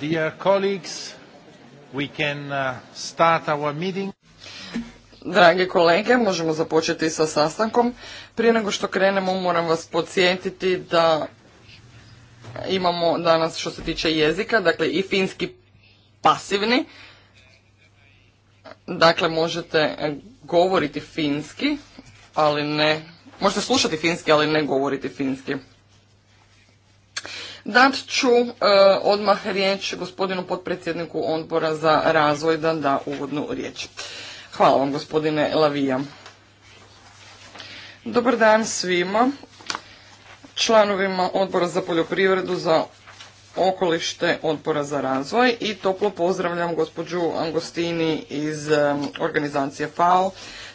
Dear colleagues, we can uh, Drage kolege, možemo započeti sa sastankom. Prije nego što krenemo moram vas podsjetiti da imamo danas što se tiče jezika, dakle i finski pasivni. Dakle, možete govoriti finski, ali ne, možete slušati finski, ali ne govoriti finski. Dat ću e, odmah riječ gospodinu potpredsjedniku odbora za razvoj da da uvodnu riječ. Hvala vam gospodine Lavija. Dobar dan svima, članovima odbora za poljoprivredu za okolište odbora za razvoj i toplo pozdravljam gospođu Angostini iz e, organizacije FAO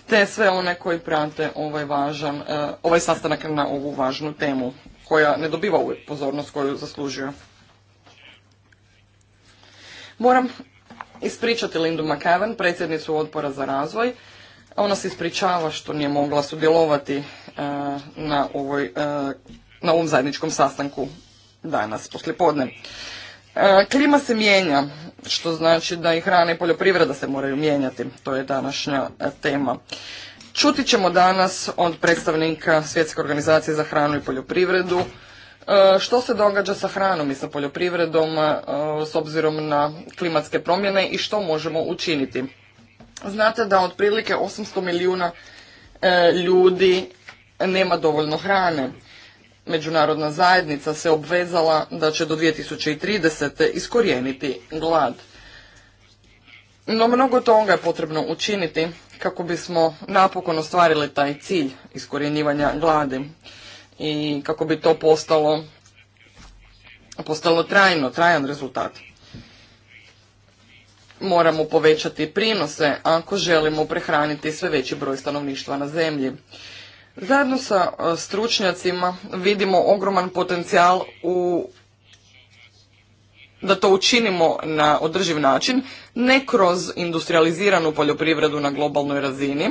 te sve one koji prate ovaj važan, e, ovaj sastanak na ovu važnu temu koja ne dobiva pozornost koju zaslužuje. Moram ispričati Lindu McAven, predsjednicu odbora za razvoj. Ona se ispričava što nije mogla sudjelovati e, na, ovoj, e, na ovom zajedničkom sastanku danas, poslijepodne. E, klima se mijenja, što znači da i hrana i poljoprivreda se moraju mijenjati. To je današnja tema. Čuti ćemo danas od predstavnika Svjetske organizacije za hranu i poljoprivredu e, što se događa sa hranom i sa poljoprivredom e, s obzirom na klimatske promjene i što možemo učiniti. Znate da otprilike 800 milijuna e, ljudi nema dovoljno hrane. Međunarodna zajednica se obvezala da će do 2030. iskorijeniti glad. No mnogo toga je potrebno učiniti kako bismo napokon ostvarili taj cilj iskorjenjivanja gladi i kako bi to postalo, postalo trajno, trajan rezultat. Moramo povećati prinose ako želimo prehraniti sve veći broj stanovništva na zemlji. Zajedno sa e, stručnjacima vidimo ogroman potencijal u da to učinimo na održiv način, ne kroz industrializiranu poljoprivredu na globalnoj razini,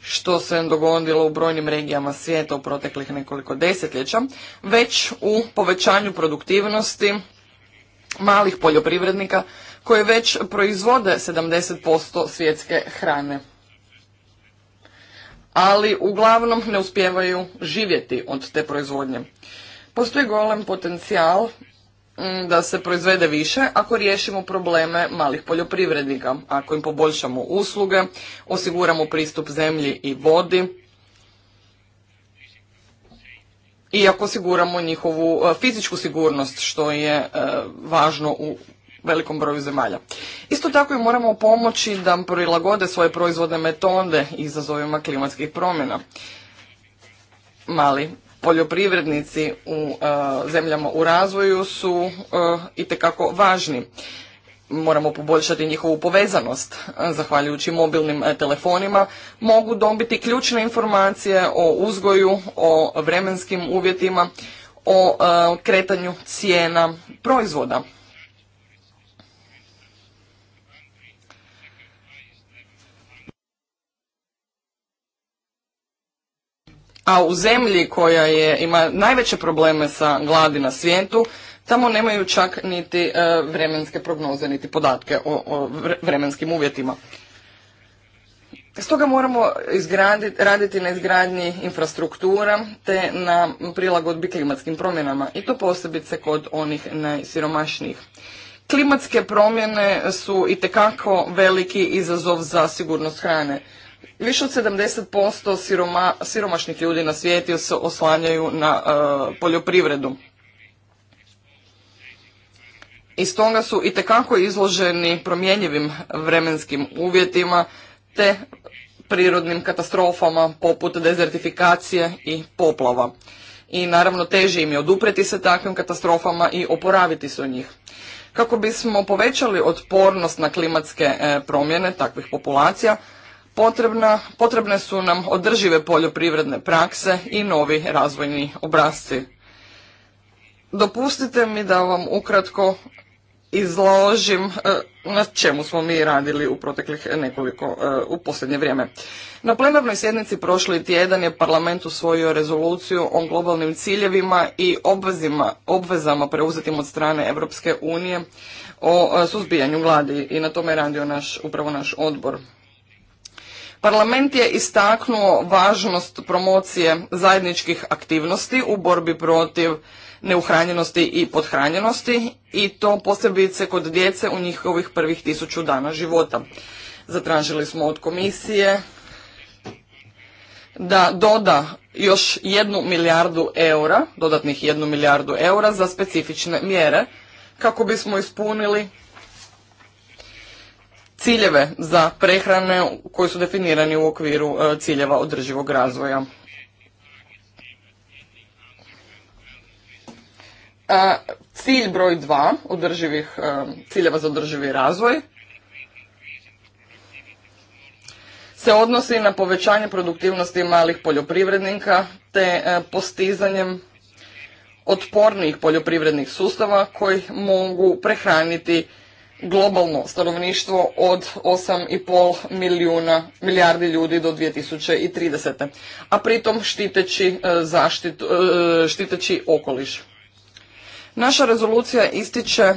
što se dogodilo u brojnim regijama svijeta u proteklih nekoliko desetljeća, već u povećanju produktivnosti malih poljoprivrednika koje već proizvode 70% svjetske hrane. Ali uglavnom ne uspijevaju živjeti od te proizvodnje. Postoji golem potencijal Mm, da se proizvede više ako riješimo probleme malih poljoprivrednika, ako im poboljšamo usluge, osiguramo pristup zemlji i vodi i ako osiguramo njihovu e, fizičku sigurnost što je e, važno u velikom broju zemalja. Isto tako i moramo pomoći da prilagode svoje proizvodne metode izazovima klimatskih promjena. Mali poljoprivrednici u e, zemljama u razvoju su e, itekako važni. Moramo poboljšati njihovu povezanost. E, zahvaljujući mobilnim telefonima mogu dobiti ključne informacije o uzgoju, o vremenskim uvjetima, o kretanju cijena proizvoda. a u zemlji koja je, ima najveće probleme sa gladi na svijetu, tamo nemaju čak niti e, vremenske prognoze, niti podatke o, vremenskim uvjetima. Stoga moramo izgraditi, raditi na izgradnji infrastruktura te na prilagodbi klimatskim promjenama i to posebice kod onih najsiromašnijih. Klimatske promjene su itekako veliki izazov za sigurnost hrane. Više od 70% siroma, siromašnih ljudi na svijetu se oslanjaju na e, poljoprivredu. I stoga su i tekako izloženi promjenjivim vremenskim uvjetima te prirodnim katastrofama poput dezertifikacije i poplava. I naravno teže im je odupreti se takvim katastrofama i oporaviti se od njih. Kako bismo povećali otpornost na klimatske e, promjene takvih populacija, potrebne su nam održive poljoprivredne prakse i novi razvojni obrasci. Dopustite mi da vam ukratko izložim e, na čemu smo mi radili u proteklih nekoliko, e, u posljednje vrijeme. Na plenarnoj sjednici prošli tjedan je parlament usvojio rezoluciju o globalnim ciljevima i obvezima, obvezama preuzetim od strane Europske unije o e, suzbijanju gladi i na tome je radio naš, upravo naš odbor. Parlament je istaknuo važnost promocije zajedničkih aktivnosti u borbi protiv neuhranjenosti i podhranjenosti i to posebice kod djece u njihovih prvih tisuću dana života. Zatražili smo od komisije da doda još jednu milijardu eura, dodatnih jednu milijardu eura za specifične mjere kako bismo ispunili ciljeve za prehrane koji su definirani u okviru e, ciljeva održivog razvoja. E, cilj broj dva održivih, e, ciljeva za održivi razvoj se odnosi na povećanje produktivnosti malih poljoprivrednika te postizanjem otpornijih poljoprivrednih sustava koji mogu prehraniti globalno stanovništvo od 8,5 milijuna milijardi ljudi do 2030. A pritom štiteći, e, zaštitu, e, štiteći okoliš. Naša rezolucija ističe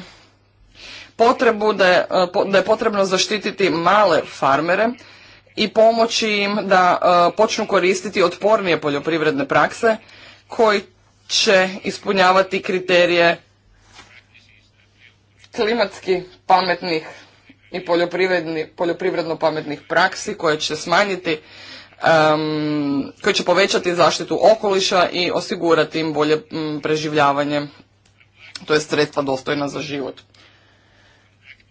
potrebu da je, e, da je potrebno zaštititi male farmere i pomoći im da počnu koristiti otpornije poljoprivredne prakse koji će ispunjavati kriterije klimatski pametnih i poljoprivredno pametnih praksi koje će smanjiti, koje će povećati zaštitu okoliša i osigurati im bolje preživljavanje, to je sredstva dostojna za život.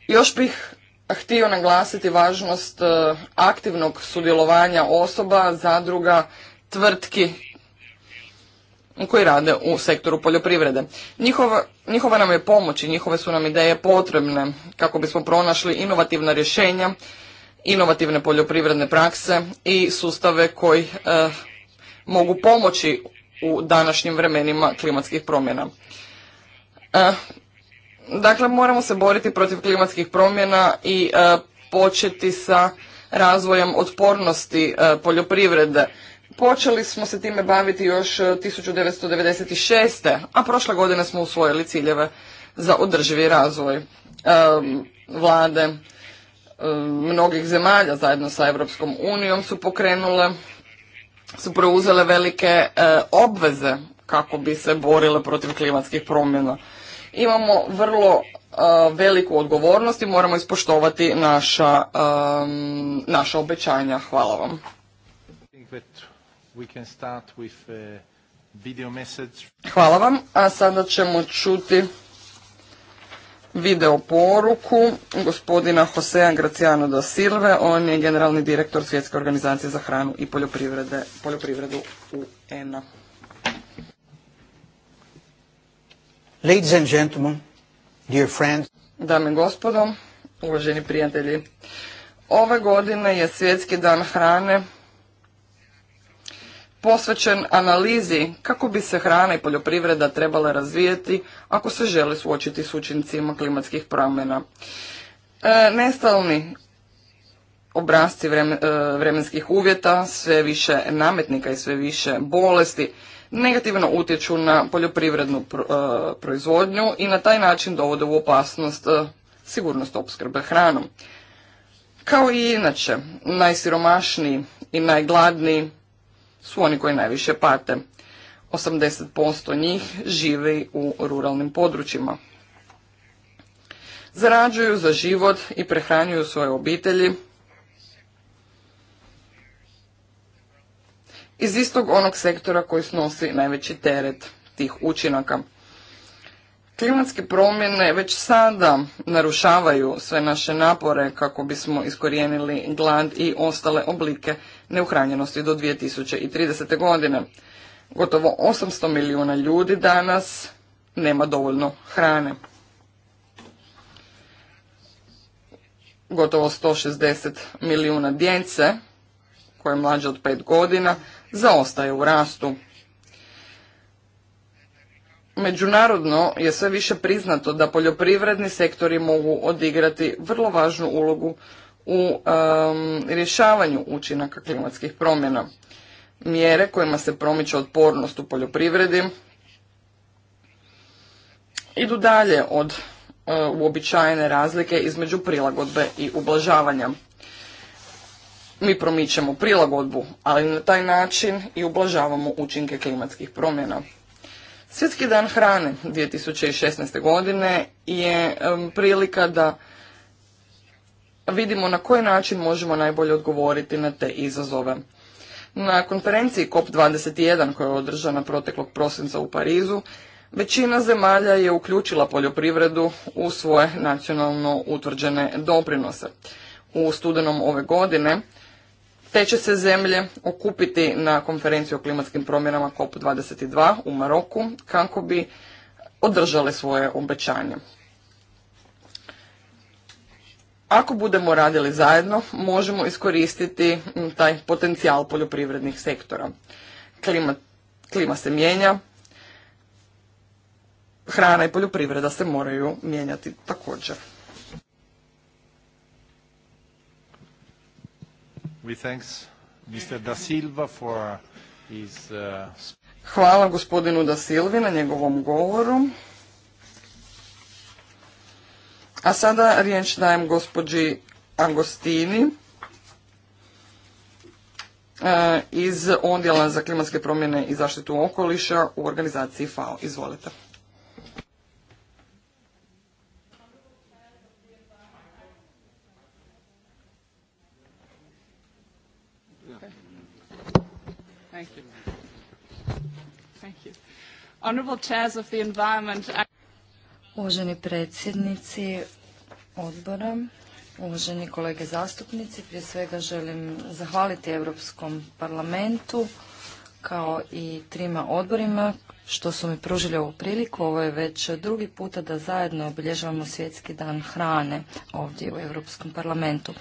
Još bih htio naglasiti važnost e, aktivnog sudjelovanja osoba, zadruga, tvrtki koji rade u sektoru poljoprivrede. Njihova, njihova nam je pomoć i njihove su nam ideje potrebne kako bismo pronašli inovativna rješenja, inovativne poljoprivredne prakse i sustave koji eh, mogu pomoći u današnjim vremenima klimatskih promjena. Eh, dakle, moramo se boriti protiv klimatskih promjena i eh, početi sa razvojem otpornosti poljoprivrede Počeli smo se time baviti još 1996. E, a prošle godine smo usvojili ciljeve za održivi razvoj vlade mnogih zemalja zajedno sa Europskom unijom su pokrenule, su preuzele velike e, obveze kako bi se borile protiv klimatskih promjena. Imamo vrlo e, veliku odgovornost i moramo ispoštovati naša, naša obećanja. Hvala vam. Uh, Hvala vam, a sada ćemo čuti video poruku gospodina Josea Graciano da Silve, on je generalni direktor Svjetske organizacije za hranu i poljoprivredu un ENA. Ladies and gentlemen, dear friends. Dame i gospodo, uvaženi prijatelji, ove godine je Svjetski dan hrane posvećen analizi kako bi se hrana i poljoprivreda trebala razvijati ako se žele suočiti s učincima klimatskih promjena. E, nestalni obrazci e, vremenskih uvjeta, sve više nametnika i sve više bolesti negativno utječu na poljoprivrednu e, proizvodnju i na taj način dovode u opasnost sigurnost opskrbe hranom. Kao i inače, najsiromašniji i najgladniji su oni koji najviše pate. 80% njih živi u ruralnim područjima. Zarađuju za život i prehranjuju svoje obitelji. Iz istog onog sektora koji snosi najveći teret tih učinaka. Klimatske promjene već sada narušavaju sve naše napore kako bismo iskorijenili glad i ostale oblike neuhranjenosti do 2030. godine. Gotovo 800 milijuna ljudi danas nema dovoljno hrane. Gotovo 160 milijuna djece koje je mlađe od 5 godina zaostaje u rastu. Međunarodno je sve više priznato da poljoprivredni sektori mogu odigrati vrlo važnu ulogu u rješavanju učinaka klimatskih promjena. Mjere kojima se promiče otpornost u poljoprivredi idu dalje od e, uobičajene razlike između prilagodbe i ublažavanja. Mi promičemo prilagodbu, ali na taj način i ublažavamo učinke klimatskih promjena. Svjetski dan hrane 2016. godine je prilika da vidimo na koji način možemo najbolje odgovoriti na te izazove. Na konferenciji COP21 koja je održana proteklog prosinca u Parizu, većina zemalja je uključila poljoprivredu u svoje nacionalno utvrđene doprinose. U studenom ove godine te će se zemlje okupiti na konferenciju o klimatskim promjenama COP22 u Maroku kako bi održale svoje obećanje. Ako budemo radili zajedno, možemo iskoristiti taj potencijal poljoprivrednih sektora. Klima, klima se mijenja, hrana i poljoprivreda se moraju mijenjati također. Uh, Hvala gospodinu Da Silvi na njegovom govoru. A sada riječ dajem gospođi Agostini uh, iz Odjela za klimatske promjene i zaštitu okoliša u organizaciji FAO. Izvolite. Uvaženi predsjednici odbora, uvaženi kolege zastupnici, prije svega želim zahvaliti Europskom parlamentu kao i trima odborima što su mi pružili ovu priliku. Ovo je već drugi puta da zajedno obilježavamo svjetski dan hrane ovdje u Europskom parlamentu.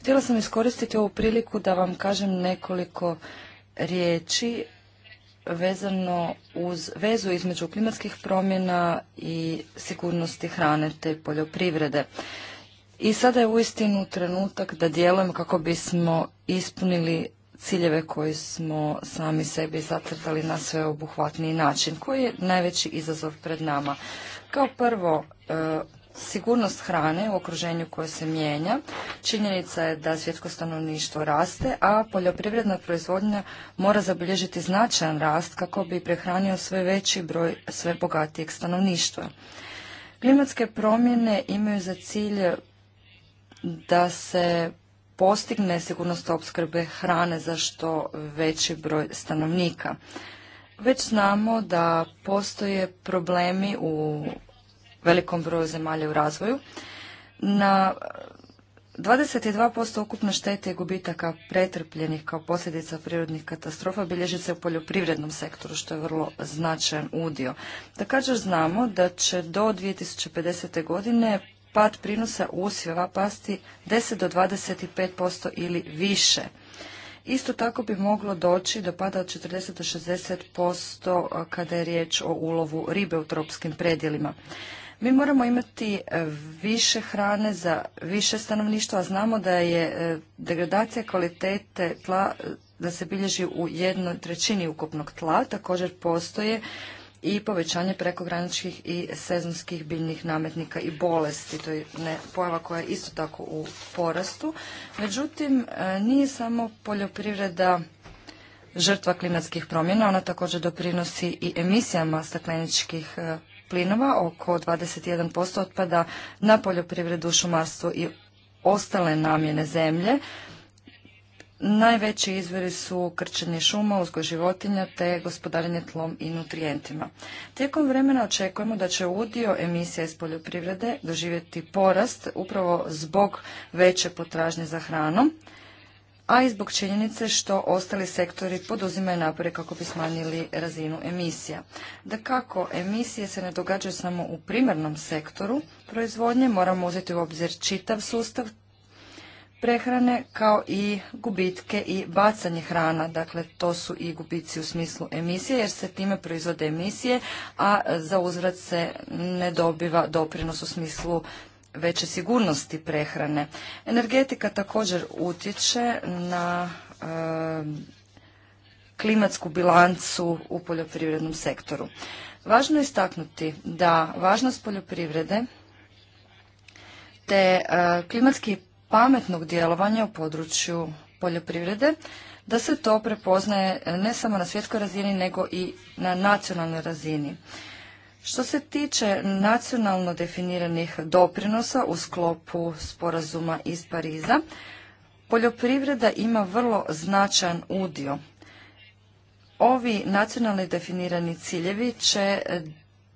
Htjela sam iskoristiti ovu priliku da vam kažem nekoliko riječi vezano uz vezu između klimatskih promjena i sigurnosti hrane te poljoprivrede. I sada je uistinu trenutak da djelujemo kako bismo ispunili ciljeve koje smo sami sebi zacrtali na sveobuhvatniji način. Koji je najveći izazov pred nama? Kao prvo, e, sigurnost hrane u okruženju koje se mijenja. Činjenica je da svjetsko stanovništvo raste, a poljoprivredna proizvodnja mora zabilježiti značajan rast kako bi prehranio sve veći broj sve bogatijeg stanovništva. Klimatske promjene imaju za cilj da se postigne sigurnost opskrbe hrane za što veći broj stanovnika. Već znamo da postoje problemi u velikom broju zemalja u razvoju. Na 22% ukupne štete i gubitaka pretrpljenih kao posljedica prirodnih katastrofa bilježi se u poljoprivrednom sektoru, što je vrlo značajan udio. Također znamo da će do 2050. godine pad prinosa usjeva pasti 10 do 25% ili više. Isto tako bi moglo doći do pada od 40 do 60% kada je riječ o ulovu ribe u tropskim predjelima. Mi moramo imati e, više hrane za više stanovništva, a znamo da je e, degradacija kvalitete tla e, da se bilježi u jednoj trećini ukupnog tla. Također postoje i povećanje prekograničkih i sezonskih biljnih nametnika i bolesti. To je pojava koja je isto tako u porastu. Međutim, nije samo poljoprivreda žrtva klimatskih promjena, ona također doprinosi i emisijama stakleničkih plinova, oko 21% otpada na poljoprivredu, šumarstvo i ostale namjene zemlje. Najveći izvori su krčenje šuma, uzgoj životinja te gospodarenje tlom i nutrijentima. Tijekom vremena očekujemo da će udio emisija iz poljoprivrede doživjeti porast upravo zbog veće potražnje za hranom a i zbog činjenice što ostali sektori poduzimaju napore kako bi smanjili razinu emisija. Da kako emisije se ne događaju samo u primarnom sektoru proizvodnje, moramo uzeti u obzir čitav sustav prehrane kao i gubitke i bacanje hrana. Dakle, to su i gubici u smislu emisije jer se time proizvode emisije, a za uzvrat se ne dobiva doprinos u smislu veće sigurnosti prehrane. Energetika također utječe na eh, klimatsku bilancu u poljoprivrednom sektoru. Važno je istaknuti da važnost poljoprivrede te eh, klimatski pametnog djelovanja u području poljoprivrede da se to prepoznaje ne samo na svjetskoj razini nego i na nacionalnoj razini. Što se tiče nacionalno definiranih doprinosa u sklopu sporazuma iz Pariza, poljoprivreda ima vrlo značajan udio. Ovi nacionalni definirani ciljevi će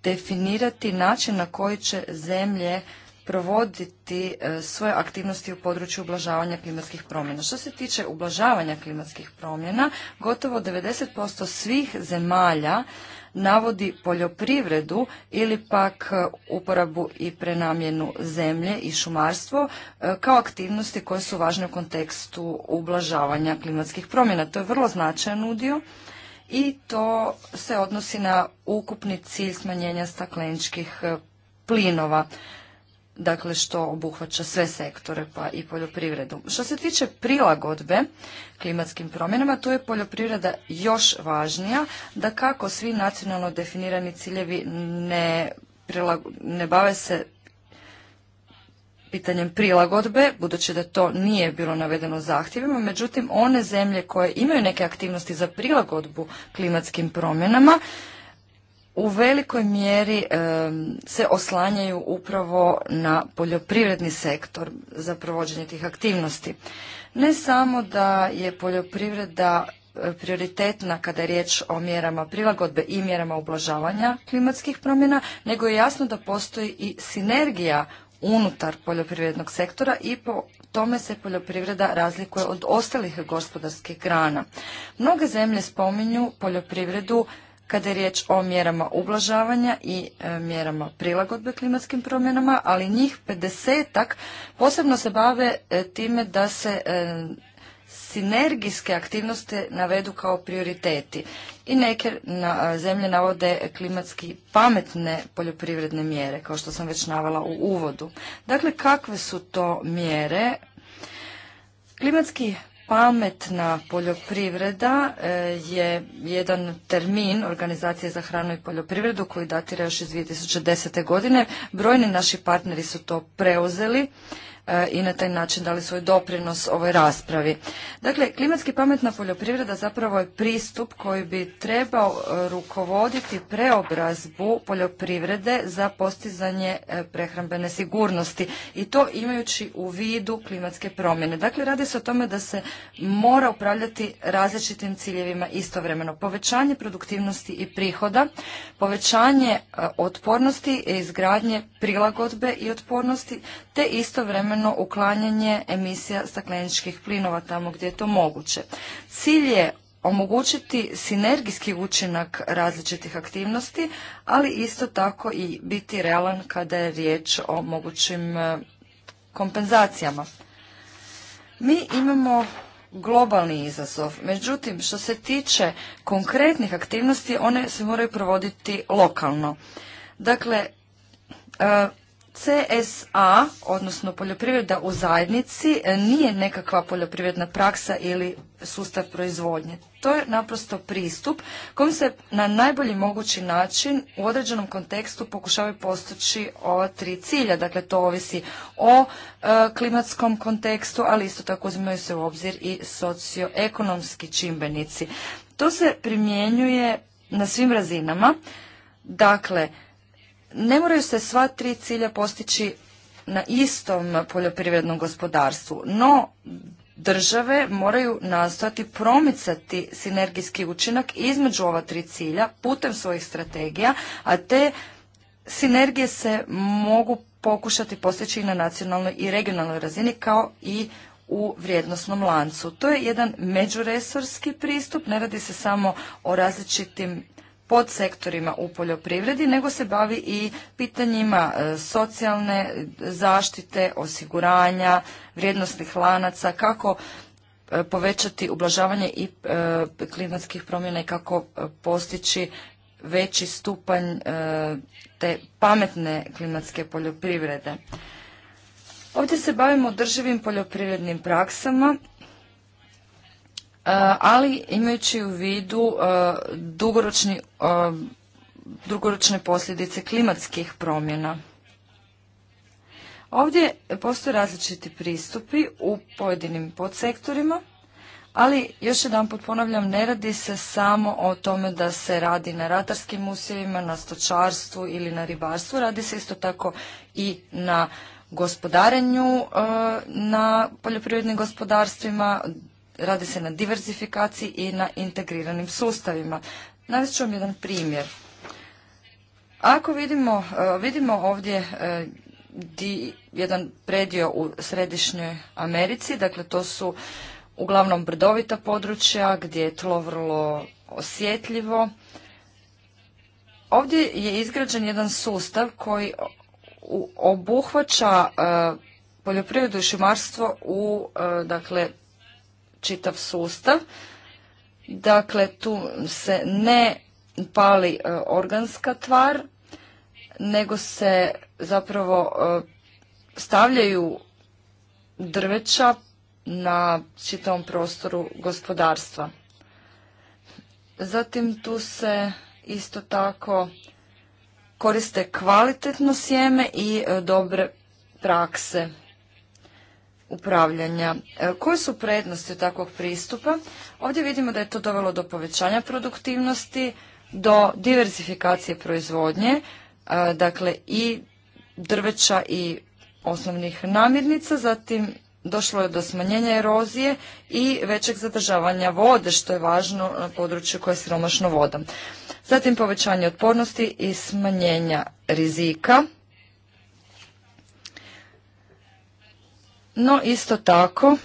definirati način na koji će zemlje provoditi e, svoje aktivnosti u području ublažavanja klimatskih promjena. Što se tiče ublažavanja klimatskih promjena, gotovo 90% svih zemalja navodi poljoprivredu ili pak e, uporabu i prenamjenu zemlje i šumarstvo e, kao aktivnosti koje su važne u kontekstu ublažavanja klimatskih promjena. To je vrlo značajan udio i to se odnosi na ukupni cilj smanjenja stakleničkih e, plinova dakle što obuhvaća sve sektore pa i poljoprivredu. Što se tiče prilagodbe klimatskim promjenama, tu je poljoprivreda još važnija, da kako svi nacionalno definirani ciljevi ne, ne bave se pitanjem prilagodbe, budući da to nije bilo navedeno zahtjevima, međutim one zemlje koje imaju neke aktivnosti za prilagodbu klimatskim promjenama, u velikoj mjeri se oslanjaju upravo na poljoprivredni sektor za provođenje tih aktivnosti. Ne samo da je poljoprivreda e, prioritetna kada je riječ o mjerama prilagodbe i mjerama ublažavanja klimatskih promjena, nego je jasno da postoji i sinergija unutar poljoprivrednog sektora i po tome se poljoprivreda razlikuje od ostalih gospodarskih grana. Mnoge zemlje spominju poljoprivredu kada je riječ o mjerama ublažavanja i e, mjerama prilagodbe klimatskim promjenama, ali njih 50 posebno se bave e, time da se e, sinergijske aktivnosti navedu kao prioriteti i neke na, zemlje navode klimatski pametne poljoprivredne mjere, kao što sam već navala u uvodu. Dakle, kakve su to mjere? Klimatski Pametna poljoprivreda e, je jedan termin Organizacije za hranu i poljoprivredu koji datira još iz 2010. godine. Brojni naši partneri su to preuzeli E, i na taj način dali svoj doprinos ovoj raspravi. Dakle, klimatski pametna poljoprivreda zapravo je pristup koji bi trebao e, rukovoditi preobrazbu poljoprivrede za postizanje e, prehrambene sigurnosti i to imajući u vidu klimatske promjene. Dakle, radi se o tome da se mora upravljati različitim ciljevima istovremeno. Povećanje produktivnosti i prihoda, povećanje otpornosti, i izgradnje prilagodbe i otpornosti, te istovremeno istovremeno uklanjanje emisija stakleničkih plinova tamo gdje je to moguće. Cilj je omogućiti sinergijski učinak različitih aktivnosti, ali isto tako i biti realan kada je riječ o mogućim e, kompenzacijama. Mi imamo globalni izazov. Međutim, što se tiče konkretnih aktivnosti, one se moraju provoditi lokalno. Dakle, e, CSA, odnosno poljoprivreda u zajednici, nije nekakva poljoprivredna praksa ili sustav proizvodnje. To je naprosto pristup kojim se na najbolji mogući način u određenom kontekstu pokušavaju postići ova tri cilja. Dakle, to ovisi o e, klimatskom kontekstu, ali isto tako uzimaju se u obzir i socioekonomski čimbenici. To se primjenjuje na svim razinama. Dakle, ne moraju se sva tri cilja postići na istom poljoprivrednom gospodarstvu, no države moraju nastojati promicati sinergijski učinak između ova tri cilja putem svojih strategija, a te sinergije se mogu pokušati postići i na nacionalnoj i regionalnoj razini kao i u vrijednosnom lancu. To je jedan međuresorski pristup, ne radi se samo o različitim podsektorima u poljoprivredi, nego se bavi i pitanjima e, socijalne zaštite, osiguranja, vrijednostnih lanaca, kako e, povećati ublažavanje i e, klimatskih promjena i kako postići veći stupanj te pametne klimatske poljoprivrede. Ovdje se bavimo održivim poljoprivrednim praksama E, ali imajući u vidu e, dugoročni, e, dugoročne posljedice klimatskih promjena. Ovdje postoje različiti pristupi u pojedinim podsektorima, ali još jedan put ponavljam, ne radi se samo o tome da se radi na ratarskim usjevima, na stočarstvu ili na ribarstvu, radi se isto tako i na gospodarenju, na poljoprivrednim gospodarstvima, radi se na diversifikaciji i na integriranim sustavima. Navest ću vam jedan primjer. Ako vidimo, e, vidimo ovdje e, jedan predio u središnjoj Americi, dakle to su uglavnom brdovita područja gdje je tlo vrlo osjetljivo. Ovdje je izgrađen jedan sustav koji obuhvaća e, poljoprivredu i šumarstvo u dakle čitav sustav. Dakle, tu se ne pali e, organska tvar, nego se zapravo e, stavljaju drveća na čitavom prostoru gospodarstva. Zatim tu se isto tako koriste kvalitetno sjeme i e, dobre prakse upravljanja. E, koje su prednosti takvog pristupa? Ovdje vidimo da je to dovelo do povećanja produktivnosti, do diversifikacije proizvodnje, e, dakle i drveća i osnovnih namirnica, zatim došlo je do smanjenja erozije i većeg zadržavanja vode, što je važno na području koje je siromašno vodom. Zatim povećanje otpornosti i smanjenja rizika No isto tako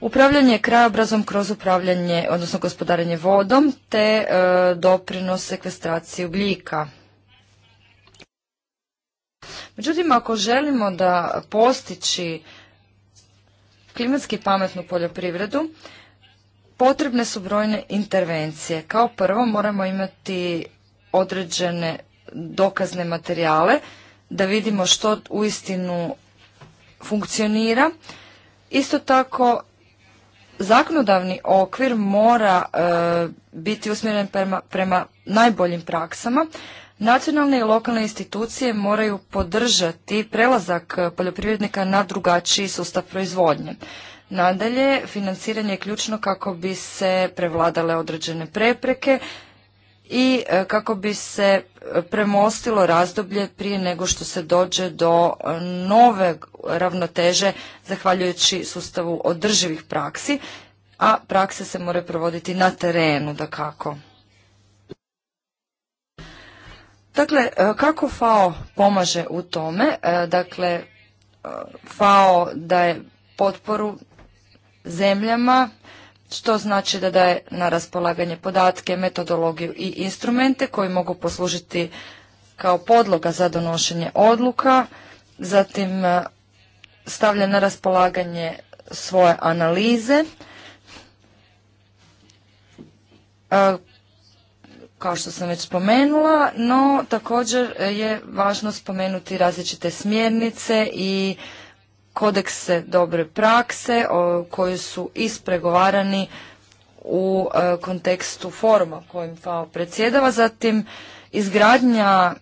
upravljanje krajobrazom kroz upravljanje, odnosno gospodarenje vodom te e, doprinos sekvestraciji ugljika. Međutim, ako želimo da postići klimatski pametnu poljoprivredu, potrebne su brojne intervencije. Kao prvo moramo imati određene dokazne materijale da vidimo što uistinu funkcionira. Isto tako, zakonodavni okvir mora e, biti usmjeren prema, prema najboljim praksama. Nacionalne i lokalne institucije moraju podržati prelazak poljoprivrednika na drugačiji sustav proizvodnje. Nadalje, financiranje je ključno kako bi se prevladale određene prepreke i e, kako bi se premostilo razdoblje prije nego što se dođe do e, nove ravnoteže zahvaljujući sustavu održivih praksi, a prakse se moraju provoditi na terenu, da kako. Dakle, e, kako FAO pomaže u tome? Dakle, FAO daje potporu zemljama što znači da daje na raspolaganje podatke, metodologiju i instrumente koji mogu poslužiti kao podloga za donošenje odluka, zatim e, stavlja na raspolaganje svoje analize, e, kao što sam već spomenula, no također e, je važno spomenuti različite smjernice i kodekse dobre prakse koji su ispregovarani u e, kontekstu foruma kojim FAO predsjedava. Zatim izgradnja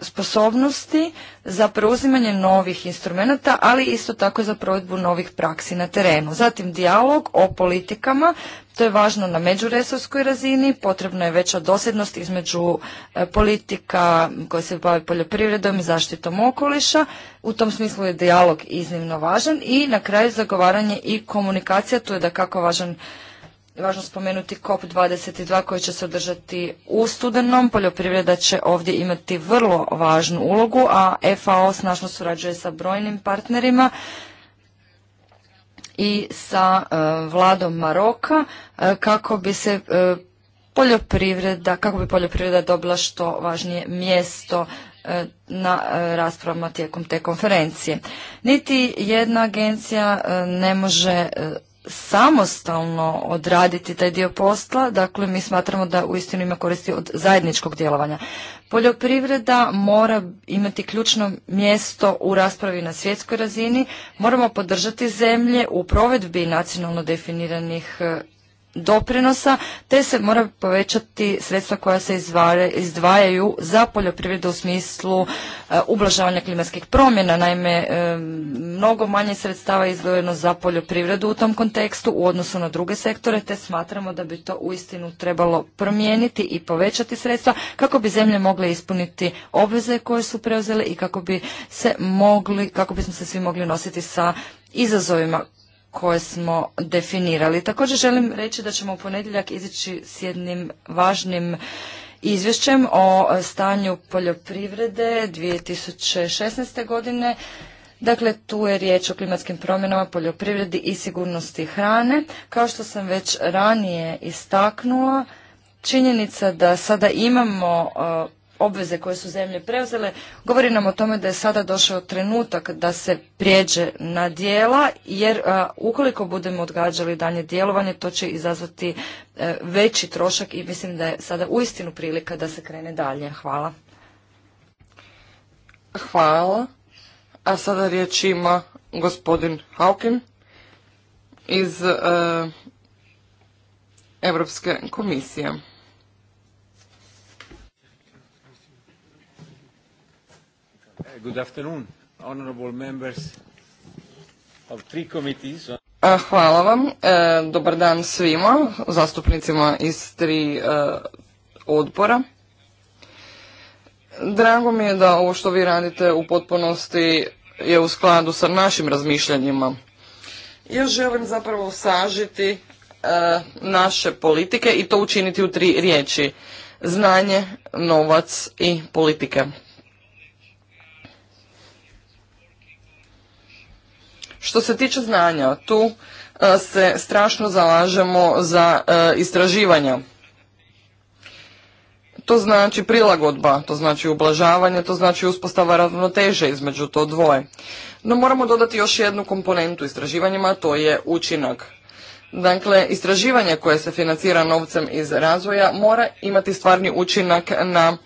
sposobnosti za preuzimanje novih instrumenata, ali isto tako za provedbu novih praksi na terenu. Zatim dijalog o politikama, to je važno na međuresorskoj razini, potrebna je veća dosljednost između e, politika koje se bave poljoprivredom i zaštitom okoliša. U tom smislu je dijalog iznimno važan i na kraju zagovaranje i komunikacija, tu je da kako važan važno spomenuti COP22 koji će se održati u studenom. Poljoprivreda će ovdje imati vrlo važnu ulogu, a FAO snažno surađuje sa brojnim partnerima i sa e, vladom Maroka e, kako bi se e, poljoprivreda, kako bi poljoprivreda dobila što važnije mjesto na raspravama tijekom te konferencije. Niti jedna agencija ne može samostalno odraditi taj dio posla, dakle mi smatramo da uistinu ima koristi od zajedničkog djelovanja. Poljoprivreda mora imati ključno mjesto u raspravi na svjetskoj razini, moramo podržati zemlje u provedbi nacionalno definiranih doprinosa, te se mora povećati sredstva koja se izdvajaju za poljoprivredu u smislu e, ublažavanja klimatskih promjena. Naime, e, mnogo manje sredstava je izdvojeno za poljoprivredu u tom kontekstu u odnosu na druge sektore, te smatramo da bi to uistinu trebalo promijeniti i povećati sredstva kako bi zemlje mogle ispuniti obveze koje su preuzele i kako bi se mogli, kako bismo se svi mogli nositi sa izazovima koje smo definirali. Također želim reći da ćemo u ponedjeljak izići s jednim važnim izvješćem o stanju poljoprivrede 2016. godine. Dakle, tu je riječ o klimatskim promjenama, poljoprivredi i sigurnosti hrane. Kao što sam već ranije istaknula, činjenica da sada imamo obveze koje su zemlje preuzele, govori nam o tome da je sada došao trenutak da se prijeđe na dijela, jer ukoliko budemo odgađali danje djelovanje, to će izazvati e, veći trošak i mislim da je sada uistinu prilika da se krene dalje. Hvala. Hvala. A sada riječ ima gospodin Hauken iz Europske komisije. Good afternoon, honorable members Hvala vam. E, dobar dan svima, zastupnicima iz tri e, odbora. Drago mi je da ovo što vi radite u potpunosti je u skladu sa našim razmišljanjima. Ja želim zapravo sažiti e, naše politike i to učiniti u tri riječi. Znanje, novac i politike. Što se tiče znanja, tu e, se strašno zalažemo za e, istraživanja. To znači prilagodba, to znači ublažavanje, to znači uspostava ravnoteže između to dvoje. No moramo dodati još jednu komponentu istraživanjima, to je učinak. Dakle, istraživanje koje se financira novcem iz razvoja mora imati stvarni učinak na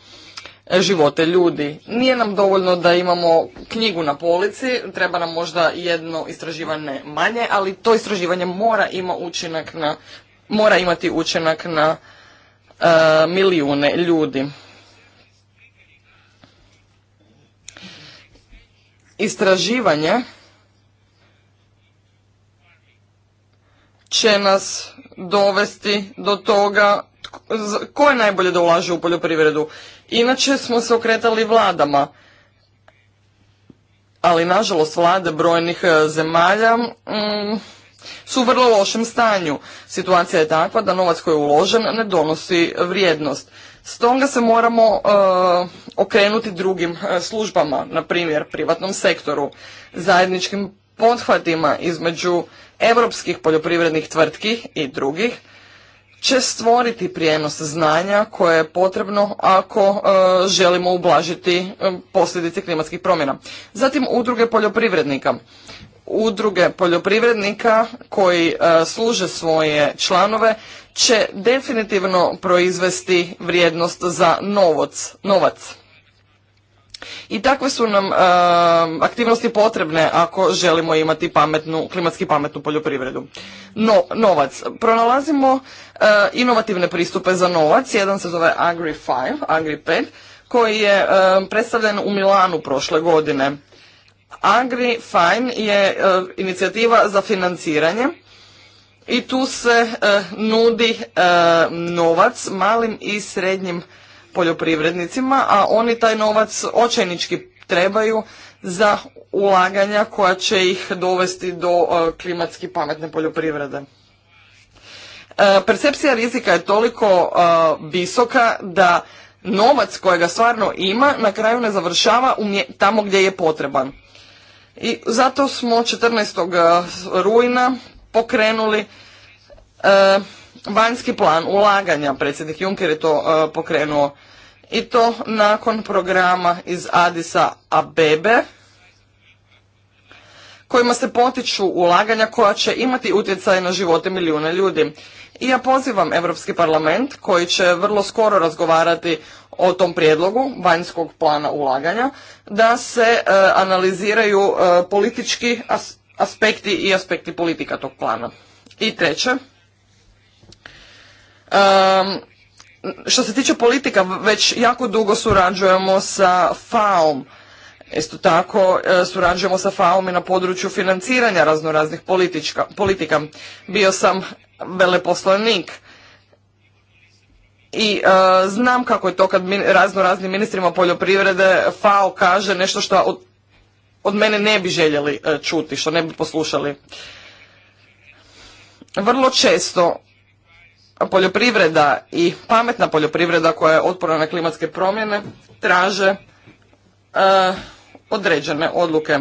živote ljudi. Nije nam dovoljno da imamo knjigu na polici, treba nam možda jedno istraživanje manje, ali to istraživanje mora ima učinak na, mora imati učinak na e, milijune ljudi. Istraživanje će nas dovesti do toga ko je najbolje da ulaže u poljoprivredu. Inače smo se okretali vladama. Ali nažalost vlade brojnih e, zemalja mm, su u vrlo lošem stanju. Situacija je takva da novac koji je uložen ne donosi vrijednost. Stoga se moramo e, okrenuti drugim e, službama, na primjer privatnom sektoru, zajedničkim pothvatima između europskih poljoprivrednih tvrtki i drugih će stvoriti prijenos znanja koje je potrebno ako e, želimo ublažiti e, posljedice klimatskih promjena. Zatim udruge poljoprivrednika. Udruge poljoprivrednika koji e, služe svoje članove će definitivno proizvesti vrijednost za novoc, novac. I takve su nam e, aktivnosti potrebne ako želimo imati pametnu, klimatski pametnu poljoprivredu. No, novac. Pronalazimo e, inovativne pristupe za novac. Jedan se zove Agri 5, Agri 5, koji je e, predstavljen u Milanu prošle godine. Agri Fine je inicijativa za financiranje i tu se nudi novac malim i srednjim poljoprivrednicima, a oni taj novac očajnički trebaju za ulaganja koja će ih dovesti do e, klimatski pametne poljoprivrede. E, percepcija rizika je toliko e, visoka da novac kojega stvarno ima na kraju ne završava tamo gdje je potreban. I zato smo 14. rujna pokrenuli vanjski plan ulaganja. Predsjednik Juncker je to e, pokrenuo i to nakon programa iz Adisa Abebe kojima se potiču ulaganja koja će imati utjecaj na živote milijuna ljudi. I ja pozivam Europski parlament koji će vrlo skoro razgovarati o tom prijedlogu vanjskog plana ulaganja da se e, analiziraju e, politički aspekti i aspekti politika tog plana. I treće, što se tiče politika, već jako dugo surađujemo sa FAOM. Isto tako e, surađujemo sa FAOM i na području financiranja raznoraznih politika. Bio sam veleposlanik i e, znam kako je to kad raznoraznim razno ministrima poljoprivrede FAO kaže nešto što od, od mene ne bi željeli e, čuti, što ne bi poslušali. Vrlo često poljoprivreda i pametna poljoprivreda koja je otporna na klimatske promjene traže e, određene odluke.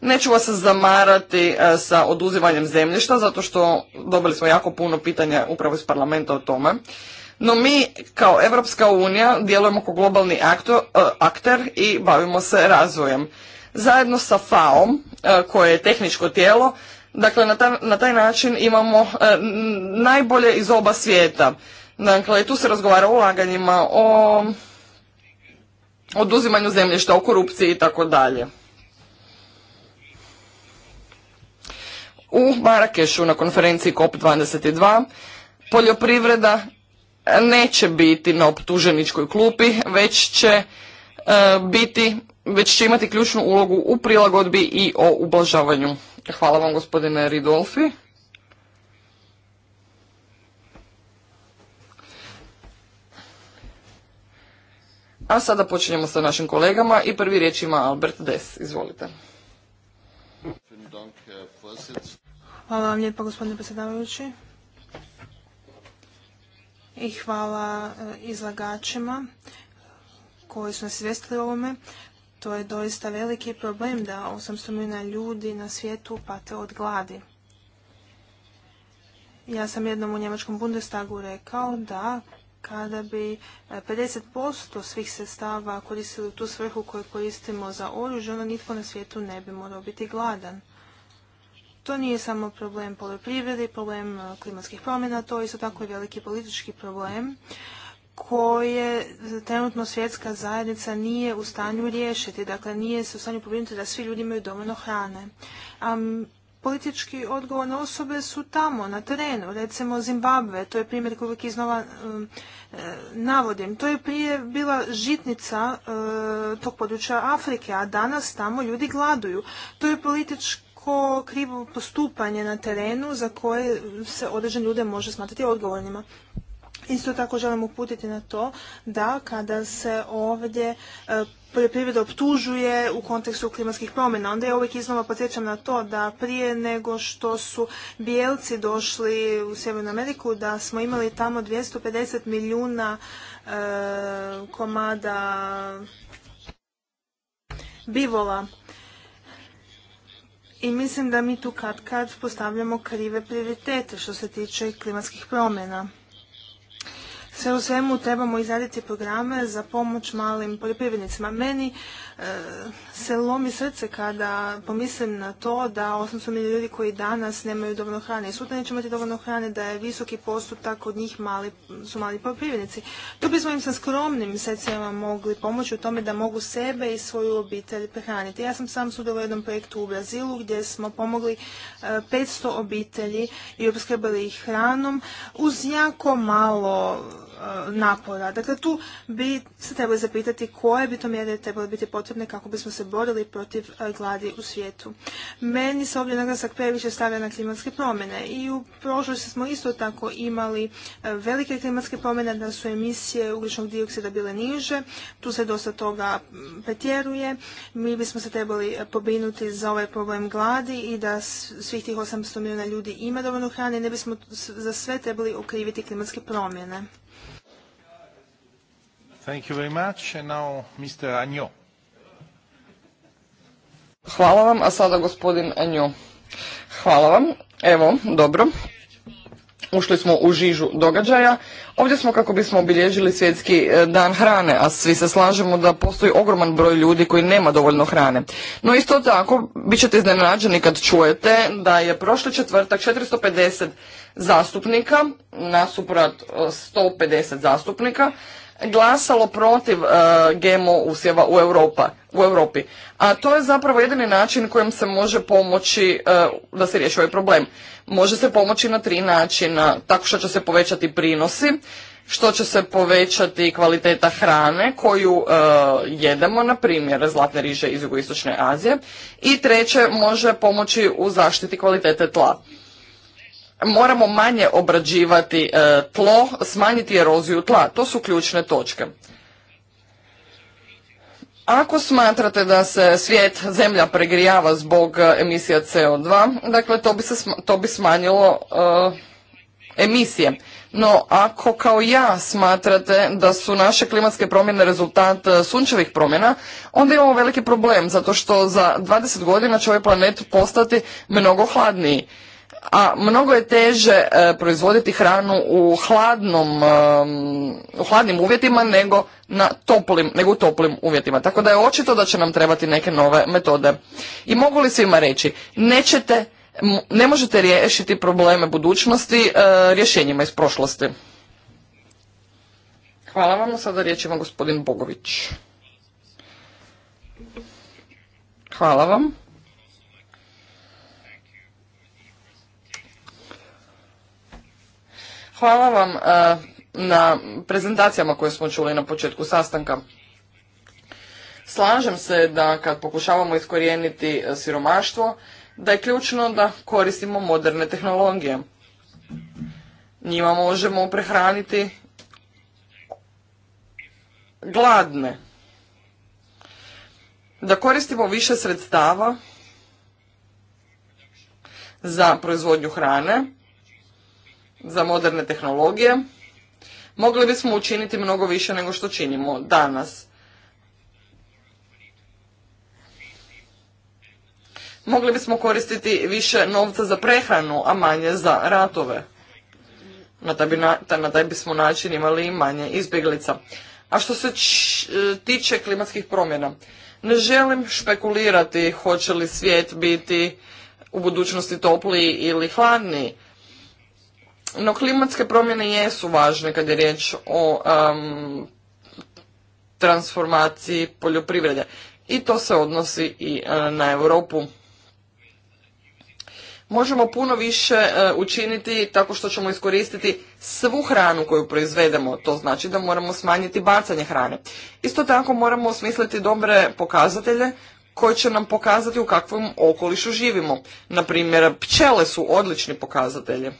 Neću vas zamarati e, sa oduzivanjem zemljišta zato što dobili smo jako puno pitanja upravo iz parlamenta o tome. No mi kao Europska unija djelujemo kao globalni e, akter i bavimo se razvojem. Zajedno sa FAO, koje je tehničko tijelo, Dakle, na taj, način imamo e, najbolje iz oba svijeta. Dakle, tu se razgovara o ulaganjima, o oduzimanju zemljišta, o korupciji i tako dalje. U Marakešu na konferenciji COP22 poljoprivreda neće biti na optuženičkoj klupi, već će e, biti već će imati ključnu ulogu u prilagodbi i o ublažavanju. Hvala vam gospodine Ridolfi. A sada počinjemo sa našim kolegama i prvi riječ ima Albert Des. Izvolite. Hvala vam lijepa gospodine predsjedavajući. I hvala e, izlagačima koji su nas izvestili o ovome. To je doista veliki problem da 800 milijuna ljudi na svijetu pate od gladi. Ja sam jednom u Njemačkom Bundestagu rekao da kada bi 50% e, svih sestava koristili tu svrhu koju koristimo za oružje, onda nitko na svijetu ne bi morao biti gladan. To nije samo problem poljoprivrede, problem e, klimatskih promjena, to je isto tako i veliki politički problem koje trenutno svjetska zajednica nije u stanju riješiti. Dakle, nije se u stanju pobrinuti da svi ljudi imaju dovoljno hrane. A politički odgovorne osobe su tamo, na terenu. Recimo Zimbabve, to je primjer koji iznova e, navodim. To je prije bila žitnica e, tog područja Afrike, a danas tamo ljudi gladuju. To je političko krivo postupanje na terenu za koje se određene ljude može smatrati odgovornima. Isto tako želim uputiti na to da kada se ovdje e, poljoprivreda optužuje u kontekstu klimatskih promjena. Onda ja uvijek iznova podsjećam na to da prije nego što su bijelci došli u Sjevernu Ameriku, da smo imali tamo 250 milijuna e, komada bivola. I mislim da mi tu kad kad postavljamo krive prioritete što se tiče klimatskih promjena. Sve u svemu trebamo izraditi programe za pomoć malim poljoprivrednicima. Meni e, se lomi srce kada pomislim na to da 800 milijuna ljudi koji danas nemaju dovoljno hrane i sutra neće imati dovoljno hrane, da je visoki postotak od njih mali, su mali poljoprivrednici. Tu bismo im sa skromnim sredstvima mogli pomoći u tome da mogu sebe i svoju obitelj prehraniti. Ja sam sam sudjela u jednom projektu u Brazilu gdje smo pomogli 500 e, obitelji i obskrbili ih hranom uz jako malo E, napora. Dakle, tu bi se trebali zapitati koje bi to mjere trebale biti potrebne kako bismo se borili protiv e, gladi u svijetu. Meni se ovdje naglasak previše stavlja na klimatske promjene i u prošlosti smo isto tako imali e, velike klimatske promjene da su emisije ugljičnog dioksida bile niže. Tu se dosta toga pretjeruje. Mi bismo se trebali pobinuti za ovaj problem gladi i da svih tih 800 milijuna ljudi ima dovoljno hrane i ne bismo za sve trebali okriviti klimatske promjene. Thank you very much. Hvala vam, a sada gospodin Agno. Hvala vam. Evo, dobro. Ušli smo u žižu događaja. Ovdje smo kako bismo obilježili svjetski e, dan hrane, a svi se slažemo da postoji ogroman broj ljudi koji nema dovoljno hrane. No isto tako, bit ćete iznenađeni kad čujete da je prošli četvrtak 450 zastupnika, nasuprot 150 e, zastupnika, glasalo protiv uh, e, GMO usjeva u, Europa, u Europi. A to je zapravo jedini način kojim se može pomoći e, da se riješi ovaj problem. Može se pomoći na tri načina, tako što će se povećati prinosi, što će se povećati kvaliteta hrane koju e, jedemo, na primjer zlatne riže iz jugoistočne Azije. I treće, može pomoći u zaštiti kvalitete tla moramo manje obrađivati e, tlo, smanjiti eroziju tla. To su ključne točke. Ako smatrate da se svijet, zemlja pregrijava zbog e, emisija CO2, dakle to bi, se, to bi smanjilo e, emisije. No ako kao ja smatrate da su naše klimatske promjene rezultat sunčevih promjena, onda imamo veliki problem, zato što za 20 godina će ovaj planet postati mnogo hladniji a mnogo je teže e, proizvoditi hranu u hladnom, u hladnim uvjetima nego na toplim, nego u toplim uvjetima. Tako da je očito da će nam trebati neke nove metode. I mogu li svima reći, nećete, ne možete riješiti probleme budućnosti e, rješenjima iz prošlosti. Hvala vam, sada riječ ima gospodin Bogović. Hvala vam. Hvala vam e, na prezentacijama koje smo čuli na početku sastanka. Slažem se da kad pokušavamo iskorijeniti e, siromaštvo, da je ključno da koristimo moderne tehnologije. Njima možemo prehraniti gladne. Da koristimo više sredstava za proizvodnju hrane, za moderne tehnologije, mogli bismo učiniti mnogo više nego što činimo danas. Mogli bismo koristiti više novca za prehranu, a manje za ratove. Na taj, bi na, taj bismo način imali manje izbjeglica. A što se e, tiče klimatskih promjena, ne želim špekulirati hoće li svijet biti u budućnosti topliji ili hladniji. No klimatske promjene jesu važne kad je riječ o transformaciji poljoprivrede i to se odnosi i e, na Europu. Možemo puno više e, učiniti tako što ćemo iskoristiti svu hranu koju proizvedemo, to znači da moramo smanjiti bacanje hrane. Isto tako moramo osmisliti dobre pokazatelje koji će nam pokazati u kakvom okolišu živimo. Naprimjer, pčele su odlični pokazatelji.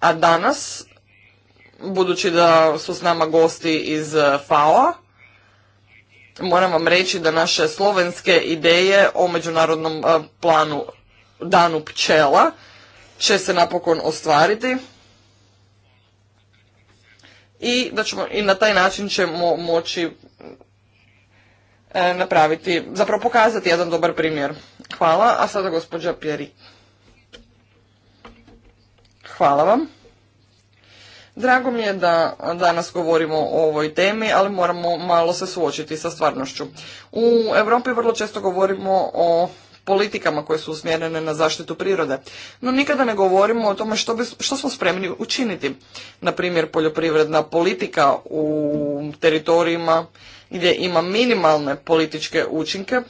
A danas, budući da su s nama gosti iz eh, FAO-a, moram vam reći da naše slovenske ideje o međunarodnom eh, planu danu pčela će se napokon ostvariti i da ćemo i na taj način ćemo moći eh, napraviti, zapravo pokazati jedan dobar primjer. Hvala, a sada gospođa Pjeri. Hvala vam. Drago mi je da danas govorimo o ovoj temi, ali moramo malo se suočiti sa stvarnošću. U Europi vrlo često govorimo o politikama koje su usmjerene na zaštitu prirode. No nikada ne govorimo o tome što, bi, što smo spremni učiniti. Na primjer, poljoprivredna politika u teritorijima gdje ima minimalne političke učinke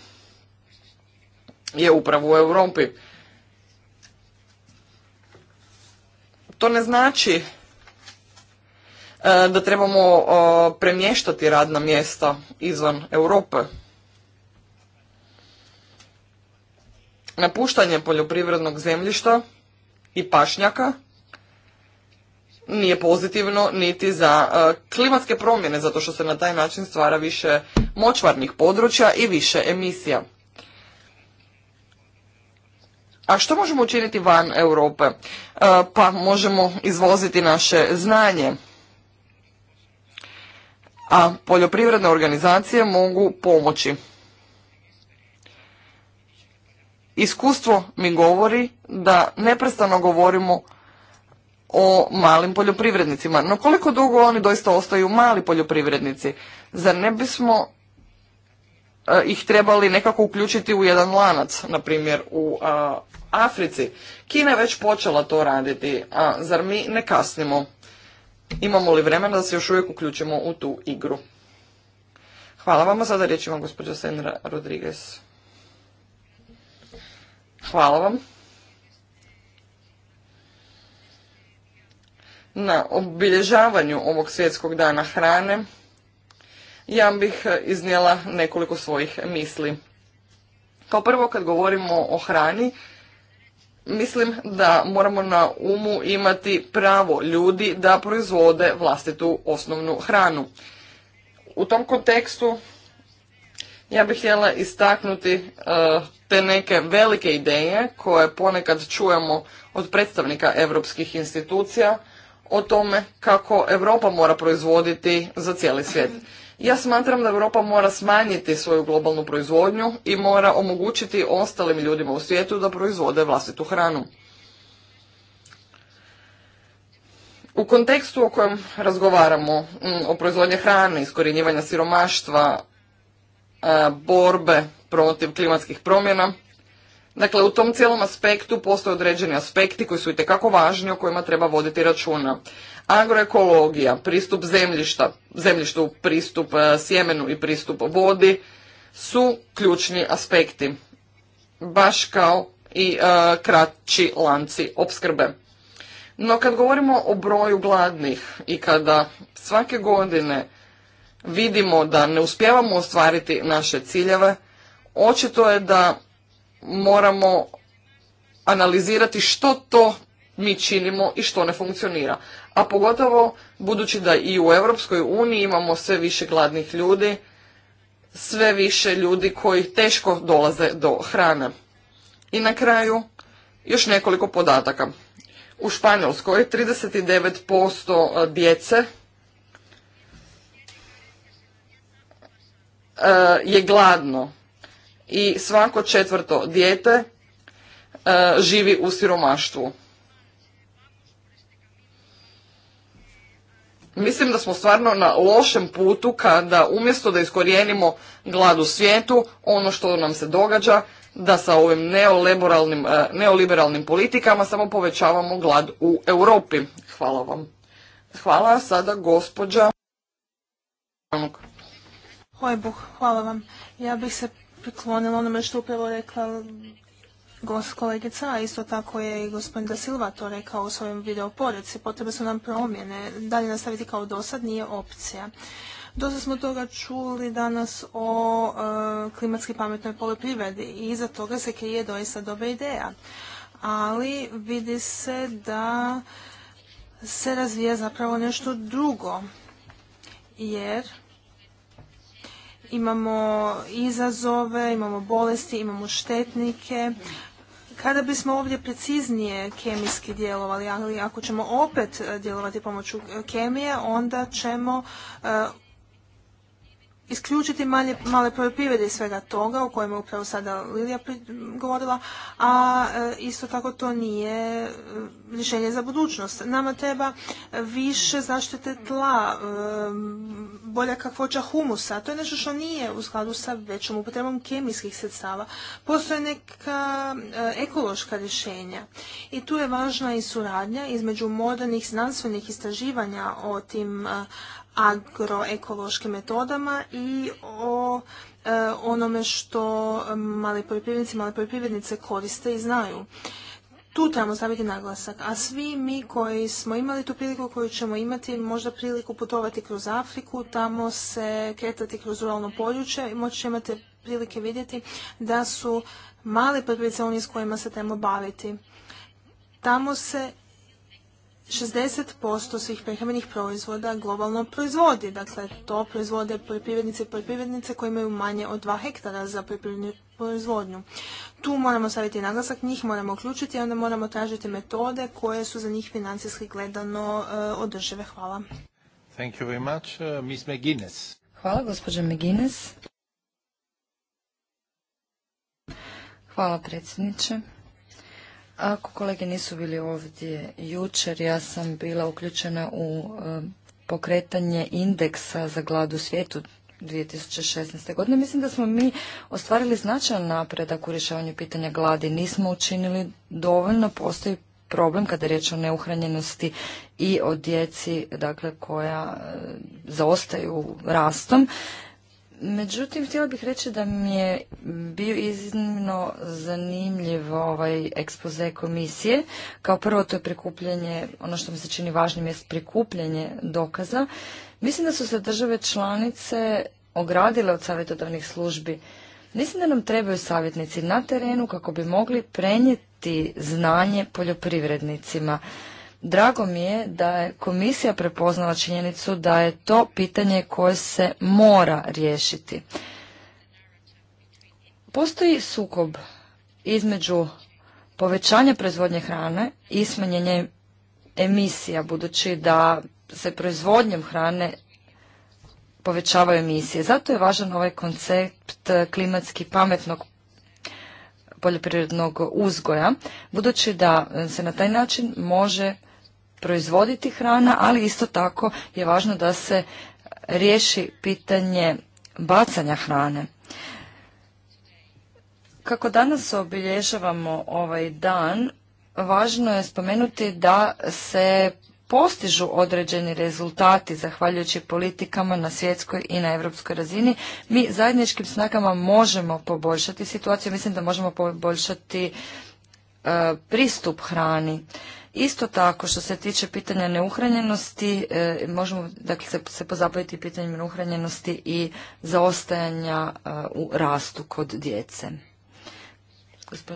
je upravo u Europi. To ne znači e, da trebamo premještati radna mjesta izvan Europe. Napuštanje poljoprivrednog zemljišta i pašnjaka nije pozitivno niti za e, klimatske promjene, zato što se na taj način stvara više močvarnih područja i više emisija. A što možemo učiniti van Europe? E, pa možemo izvoziti naše znanje. A poljoprivredne organizacije mogu pomoći. Iskustvo mi govori da neprestano govorimo o malim poljoprivrednicima. No koliko dugo oni doista ostaju mali poljoprivrednici? Zar ne bismo e, ih trebali nekako uključiti u jedan lanac, na primjer u Africi. Kina je već počela to raditi, a zar mi ne kasnimo? Imamo li vremena da se još uvijek uključimo u tu igru? Hvala vam sada riječ ima gospođa Senra Rodriguez. Hvala vam. Na obilježavanju ovog svjetskog dana hrane ja bih iznijela nekoliko svojih misli. Kao prvo kad govorimo o hrani, Mislim da moramo na umu imati pravo ljudi da proizvode vlastitu osnovnu hranu. U tom kontekstu ja bih htjela istaknuti e, te neke velike ideje koje ponekad čujemo od predstavnika europskih institucija, o tome kako Europa mora proizvoditi za cijeli svijet. Ja smatram da Europa mora smanjiti svoju globalnu proizvodnju i mora omogućiti ostalim ljudima u svijetu da proizvode vlastitu hranu. U kontekstu o kojem razgovaramo, mm, o proizvodnje hrane, iskorjenjivanja siromaštva, e, borbe protiv klimatskih promjena, Dakle, u tom cijelom aspektu postoje određeni aspekti koji su itekako važni, o kojima treba voditi računa. Agroekologija, pristup zemljišta, zemljištu, pristup e, sjemenu i pristup vodi su ključni aspekti, baš kao i e, kraći lanci opskrbe. No kad govorimo o broju gladnih i kada svake godine vidimo da ne uspijevamo ostvariti naše ciljeve, očito je da moramo analizirati što to mi činimo i što ne funkcionira. A pogotovo budući da i u Europskoj uniji imamo sve više gladnih ljudi, sve više ljudi koji teško dolaze do hrane. I na kraju još nekoliko podataka. U Španjolskoj 39% djece e, je gladno i svako četvrto dijete e, živi u siromaštvu. Mislim da smo stvarno na lošem putu kada umjesto da iskorijenimo glad u svijetu, ono što nam se događa, da sa ovim neoliberalnim, e, politikama samo povećavamo glad u Europi. Hvala vam. Hvala sada gospođa. hvala vam. Ja bih se priklonila onome što upravo rekla gost kolegica, a isto tako je i gospodin Da Silva to rekao u svojem videoporeci. Potrebe su nam promjene. Dalje nastaviti kao dosad nije opcija. Dosta smo toga čuli danas o e, klimatski pametnoj poljoprivredi i iza toga se krije doista dobra ideja. Ali vidi se da se razvija zapravo nešto drugo. Jer imamo izazove, imamo bolesti, imamo štetnike. Kada bismo ovdje preciznije kemijski djelovali, ali ako ćemo opet djelovati pomoću kemije, onda ćemo e, isključiti male, male poljoprivrede iz svega toga o kojima je upravo sada Lilija govorila, a e, isto tako to nije e, rješenje za budućnost. Nama treba više zaštite tla, e, bolja kakvoća humusa. To je nešto što nije u skladu sa većom upotrebom kemijskih sredstava. Postoje neka ekološka rješenja i tu je važna i suradnja između modernih znanstvenih istraživanja o tim agroekološkim metodama i o e, onome što mali poljoprivrednici, male poljoprivrednice koriste i znaju. Tu trebamo staviti naglasak, a svi mi koji smo imali tu priliku, koju ćemo imati možda priliku putovati kroz Afriku, tamo se kretati kroz ruralno područje i moći imate prilike vidjeti da su mali poljoprivrednici oni s kojima se trebamo baviti. Tamo se 60% svih prehrambenih proizvoda globalno proizvodi. Dakle, to proizvode poljoprivrednice i poljoprivrednice koji imaju manje od 2 hektara za poljoprivrednu proizvodnju. Tu moramo staviti naglasak, njih moramo uključiti i onda moramo tražiti metode koje su za njih financijski gledano eh, održive. Hvala. Thank you very much. Eh, Hvala, gospođa McGuinness. Hvala, predsjedniče. Ako kolege nisu bili ovdje jučer, ja sam bila uključena u e, pokretanje indeksa za glad u svijetu 2016. godine. Mislim da smo mi ostvarili značajan napredak u rješavanju pitanja gladi. Nismo učinili dovoljno, postoji problem kada je riječ o neuhranjenosti i o djeci dakle, koja e, zaostaju rastom. Međutim, htjela bih reći da mi je bio iznimno zanimljiv ovaj ekspoze komisije. Kao prvo to je prikupljanje, ono što mi se čini važnim je prikupljanje dokaza. Mislim da su se države članice ogradile od savjetodavnih službi. Mislim da nam trebaju savjetnici na terenu kako bi mogli prenijeti znanje poljoprivrednicima. Drago mi je da je komisija prepoznala činjenicu da je to pitanje koje se mora riješiti. Postoji sukob između povećanja proizvodnje hrane i smanjenje emisija, budući da se proizvodnjom hrane povećavaju emisije. Zato je važan ovaj koncept klimatski pametnog poljoprivrednog uzgoja, budući da se na taj način može proizvoditi hrana, ali isto tako je važno da se riješi pitanje bacanja hrane. Kako danas obilježavamo ovaj dan, važno je spomenuti da se postižu određeni rezultati zahvaljujući politikama na svjetskoj i na europskoj razini. Mi zajedničkim snagama možemo poboljšati situaciju, mislim da možemo poboljšati e, pristup hrani. Isto tako, što se tiče pitanja neuhranjenosti, e, možemo dakle, se pozabaviti pitanjem neuhranjenosti i zaostajanja e, u rastu kod djece.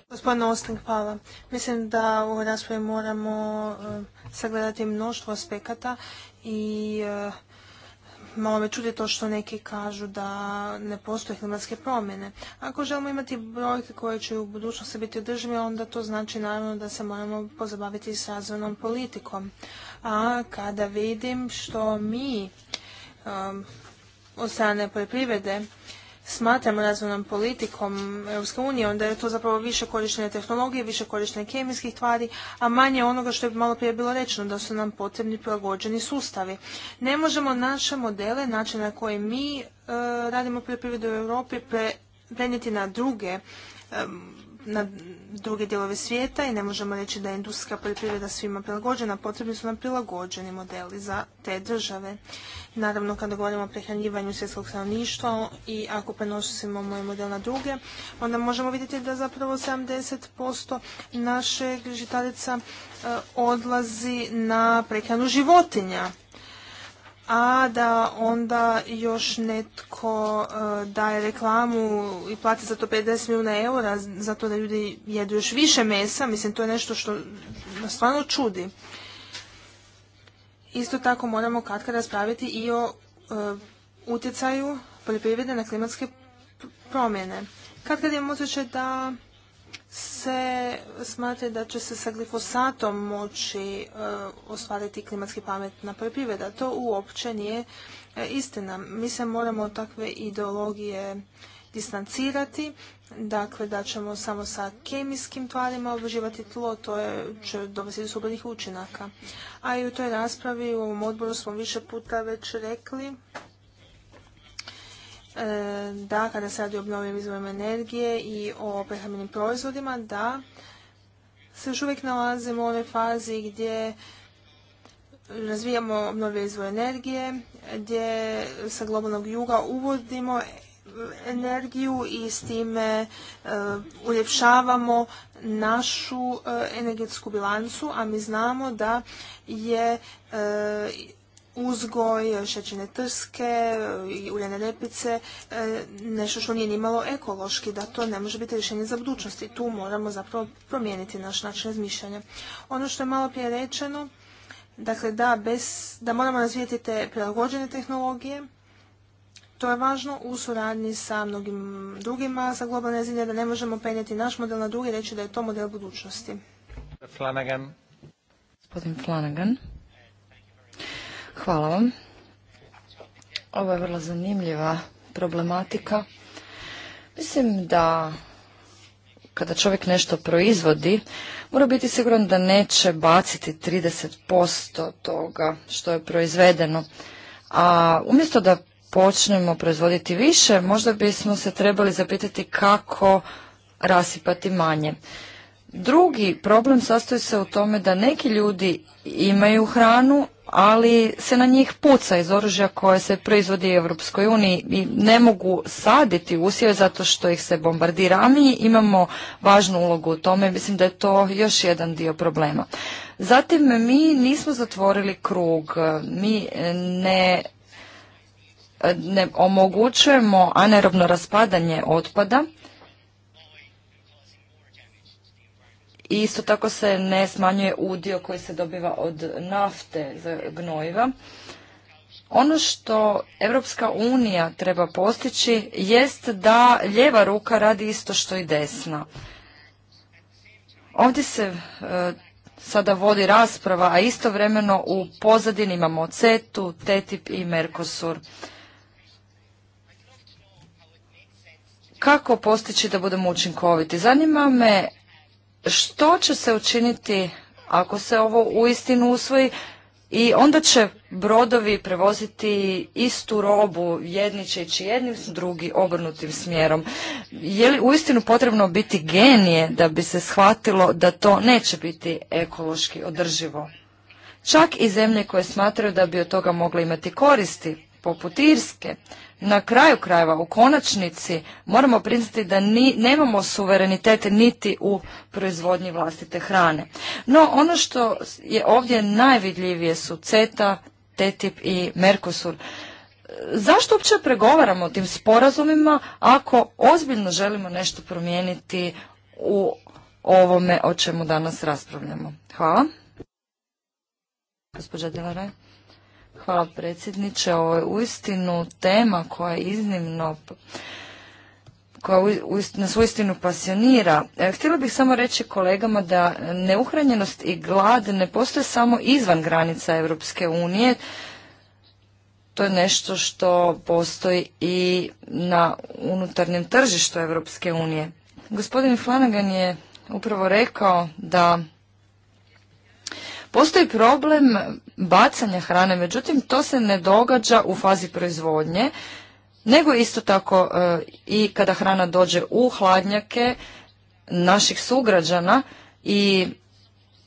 Gospodin Osting, hvala. Mislim da u raspravi moramo e, sagledati mnoštvo aspekata i malo me čudi to što neki kažu da ne postoje klimatske promjene. Ako želimo imati brojke koje će u budućnosti biti održive, onda to znači naravno da se moramo pozabaviti s razvojnom politikom. A kada vidim što mi um, od strane poljoprivrede smatramo razvojnom politikom Europske unije, onda je to zapravo više korištene tehnologije, više korištene kemijskih tvari, a manje onoga što je malo prije bilo rečeno, da su nam potrebni prilagođeni sustavi. Ne možemo naše modele, način na koji mi e, radimo poljoprivredu u Europi, prenijeti na druge na druge dijelove svijeta i ne možemo reći da je industrijska poljoprivreda svima prilagođena, potrebni su nam prilagođeni modeli za te države. Naravno, kada govorimo o prehranjivanju svjetskog stanovništva i ako prenosimo moj model na druge, onda možemo vidjeti da zapravo 70% našeg žitarica e, odlazi na prehranu životinja a da onda još netko e, daje reklamu i plati za to 50 milijuna eura zato da ljudi jedu još više mesa, mislim to je nešto što nas stvarno čudi. Isto tako moramo katkada raspraviti i o e, utjecaju poljoprivrede na klimatske promjene. Katkad imamo osjećaj da se smatra da će se sa glifosatom moći e, ostvariti klimatski pametna poljoprivreda. To uopće nije e, istina. Mi se moramo od takve ideologije distancirati, dakle da ćemo samo sa kemijskim tvarima obrađivati tlo, to je, će dovesti do učinaka. A i u toj raspravi u ovom odboru smo više puta već rekli E, da kada se radi o obnovljivim izvorima energije i o prehrambenim proizvodima, da se još uvijek nalazimo u ovoj fazi gdje razvijamo obnovljive izvoje energije, gdje sa globalnog juga uvodimo energiju i s time e, uljepšavamo našu e, energetsku bilancu, a mi znamo da je uzgoj šećene trske e, i uljene repice e, nešto što nije nimalo ekološki, da to ne može biti rješenje za budućnost i tu moramo zapravo promijeniti naš način razmišljanja. Ono što je malo prije rečeno, dakle da, bez, da moramo razvijeti te prilagođene tehnologije, to je važno u suradnji sa mnogim drugima, za globalne zemlje da ne možemo penjeti naš model na drugi i reći da je to model budućnosti. Flanagan. Gospodin Flanagan. Hvala vam. Ovo je vrlo zanimljiva problematika. Mislim da kada čovjek nešto proizvodi, mora biti siguran da neće baciti 30% toga što je proizvedeno. A umjesto da počnemo proizvoditi više, možda bismo se trebali zapitati kako rasipati manje. Drugi problem sastoji se u tome da neki ljudi imaju hranu, ali se na njih puca iz oružja koje se proizvodi u Europskoj uniji i ne mogu saditi usjeve zato što ih se bombardira. A mi imamo važnu ulogu u tome, mislim da je to još jedan dio problema. Zatim mi nismo zatvorili krug, mi ne ne omogućujemo anerobno raspadanje otpada I isto tako se ne smanjuje udio koji se dobiva od nafte za gnojiva. Ono što Europska unija treba postići jest da ljeva ruka radi isto što i desna. Ovdje se e, sada vodi rasprava, a istovremeno u pozadini imamo CETU, TTIP i Mercosur. Kako postići da budemo učinkoviti? Zanima me što će se učiniti ako se ovo uistinu usvoji i onda će brodovi prevoziti istu robu, jedni će ići jednim, drugi obrnutim smjerom. Je li uistinu potrebno biti genije da bi se shvatilo da to neće biti ekološki održivo? Čak i zemlje koje smatraju da bi od toga mogli imati koristi poput Irske. Na kraju krajeva, u konačnici, moramo priznati da ni, nemamo suverenitet niti u proizvodnji vlastite hrane. No, ono što je ovdje najvidljivije su CETA, TTIP i Mercosur. Zašto uopće pregovaramo o tim sporazumima ako ozbiljno želimo nešto promijeniti u ovome o čemu danas raspravljamo? Hvala. Gospođa Hvala predsjedniče. Ovo je uistinu tema koja je iznimno koja nas uistinu pasionira. E, htjela bih samo reći kolegama da neuhranjenost i glad ne postoje samo izvan granica Europske unije. To je nešto što postoji i na unutarnjem tržištu Europske unije. Gospodin Flanagan je upravo rekao da Postoji problem bacanja hrane, međutim to se ne događa u fazi proizvodnje, nego isto tako e, i kada hrana dođe u hladnjake naših sugrađana i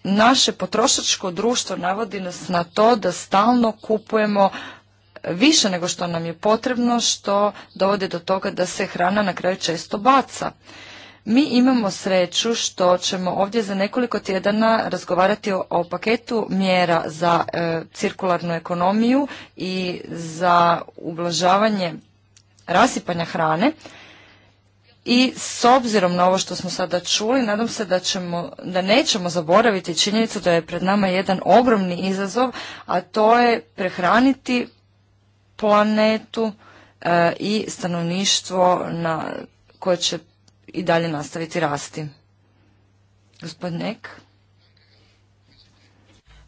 naše potrošačko društvo navodi nas na to da stalno kupujemo više nego što nam je potrebno, što dovodi do toga da se hrana na kraju često baca. Mi imamo sreću što ćemo ovdje za nekoliko tjedana razgovarati o, paketu mjera za e, cirkularnu ekonomiju i za ublažavanje rasipanja hrane. I s obzirom na ovo što smo sada čuli, nadam se da, ćemo, da nećemo zaboraviti činjenicu da je pred nama jedan ogromni izazov, a to je prehraniti planetu e, i stanovništvo na koje će i dalje nastaviti rasti. Gospodin Ek.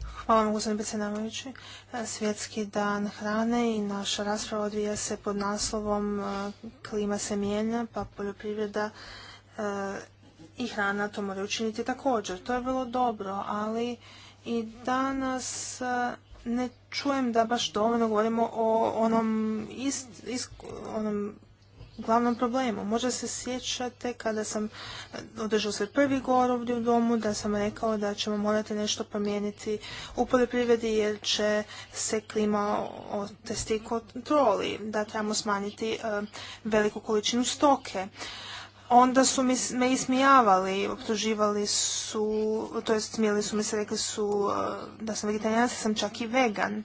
Hvala vam, gospodine predsjedavajući. Svjetski dan hrane i naša rasprava odvija se pod naslovom e, Klima se mijenja, pa poljoprivreda e, i hrana to moraju učiniti također. To je vrlo dobro, ali i danas e, ne čujem da baš dovoljno govorimo o onom, onom glavnom problemu. Možda se sjećate kada sam eh, održao se prvi govor ovdje u domu da sam rekao da ćemo morati nešto promijeniti u poljoprivredi jer će se klima testi kontroli, da trebamo smanjiti eh, veliku količinu stoke. Onda su me ismijavali, optuživali su, to jest smijeli su mi se, rekli su eh, da sam vegetarijan, sam čak i vegan.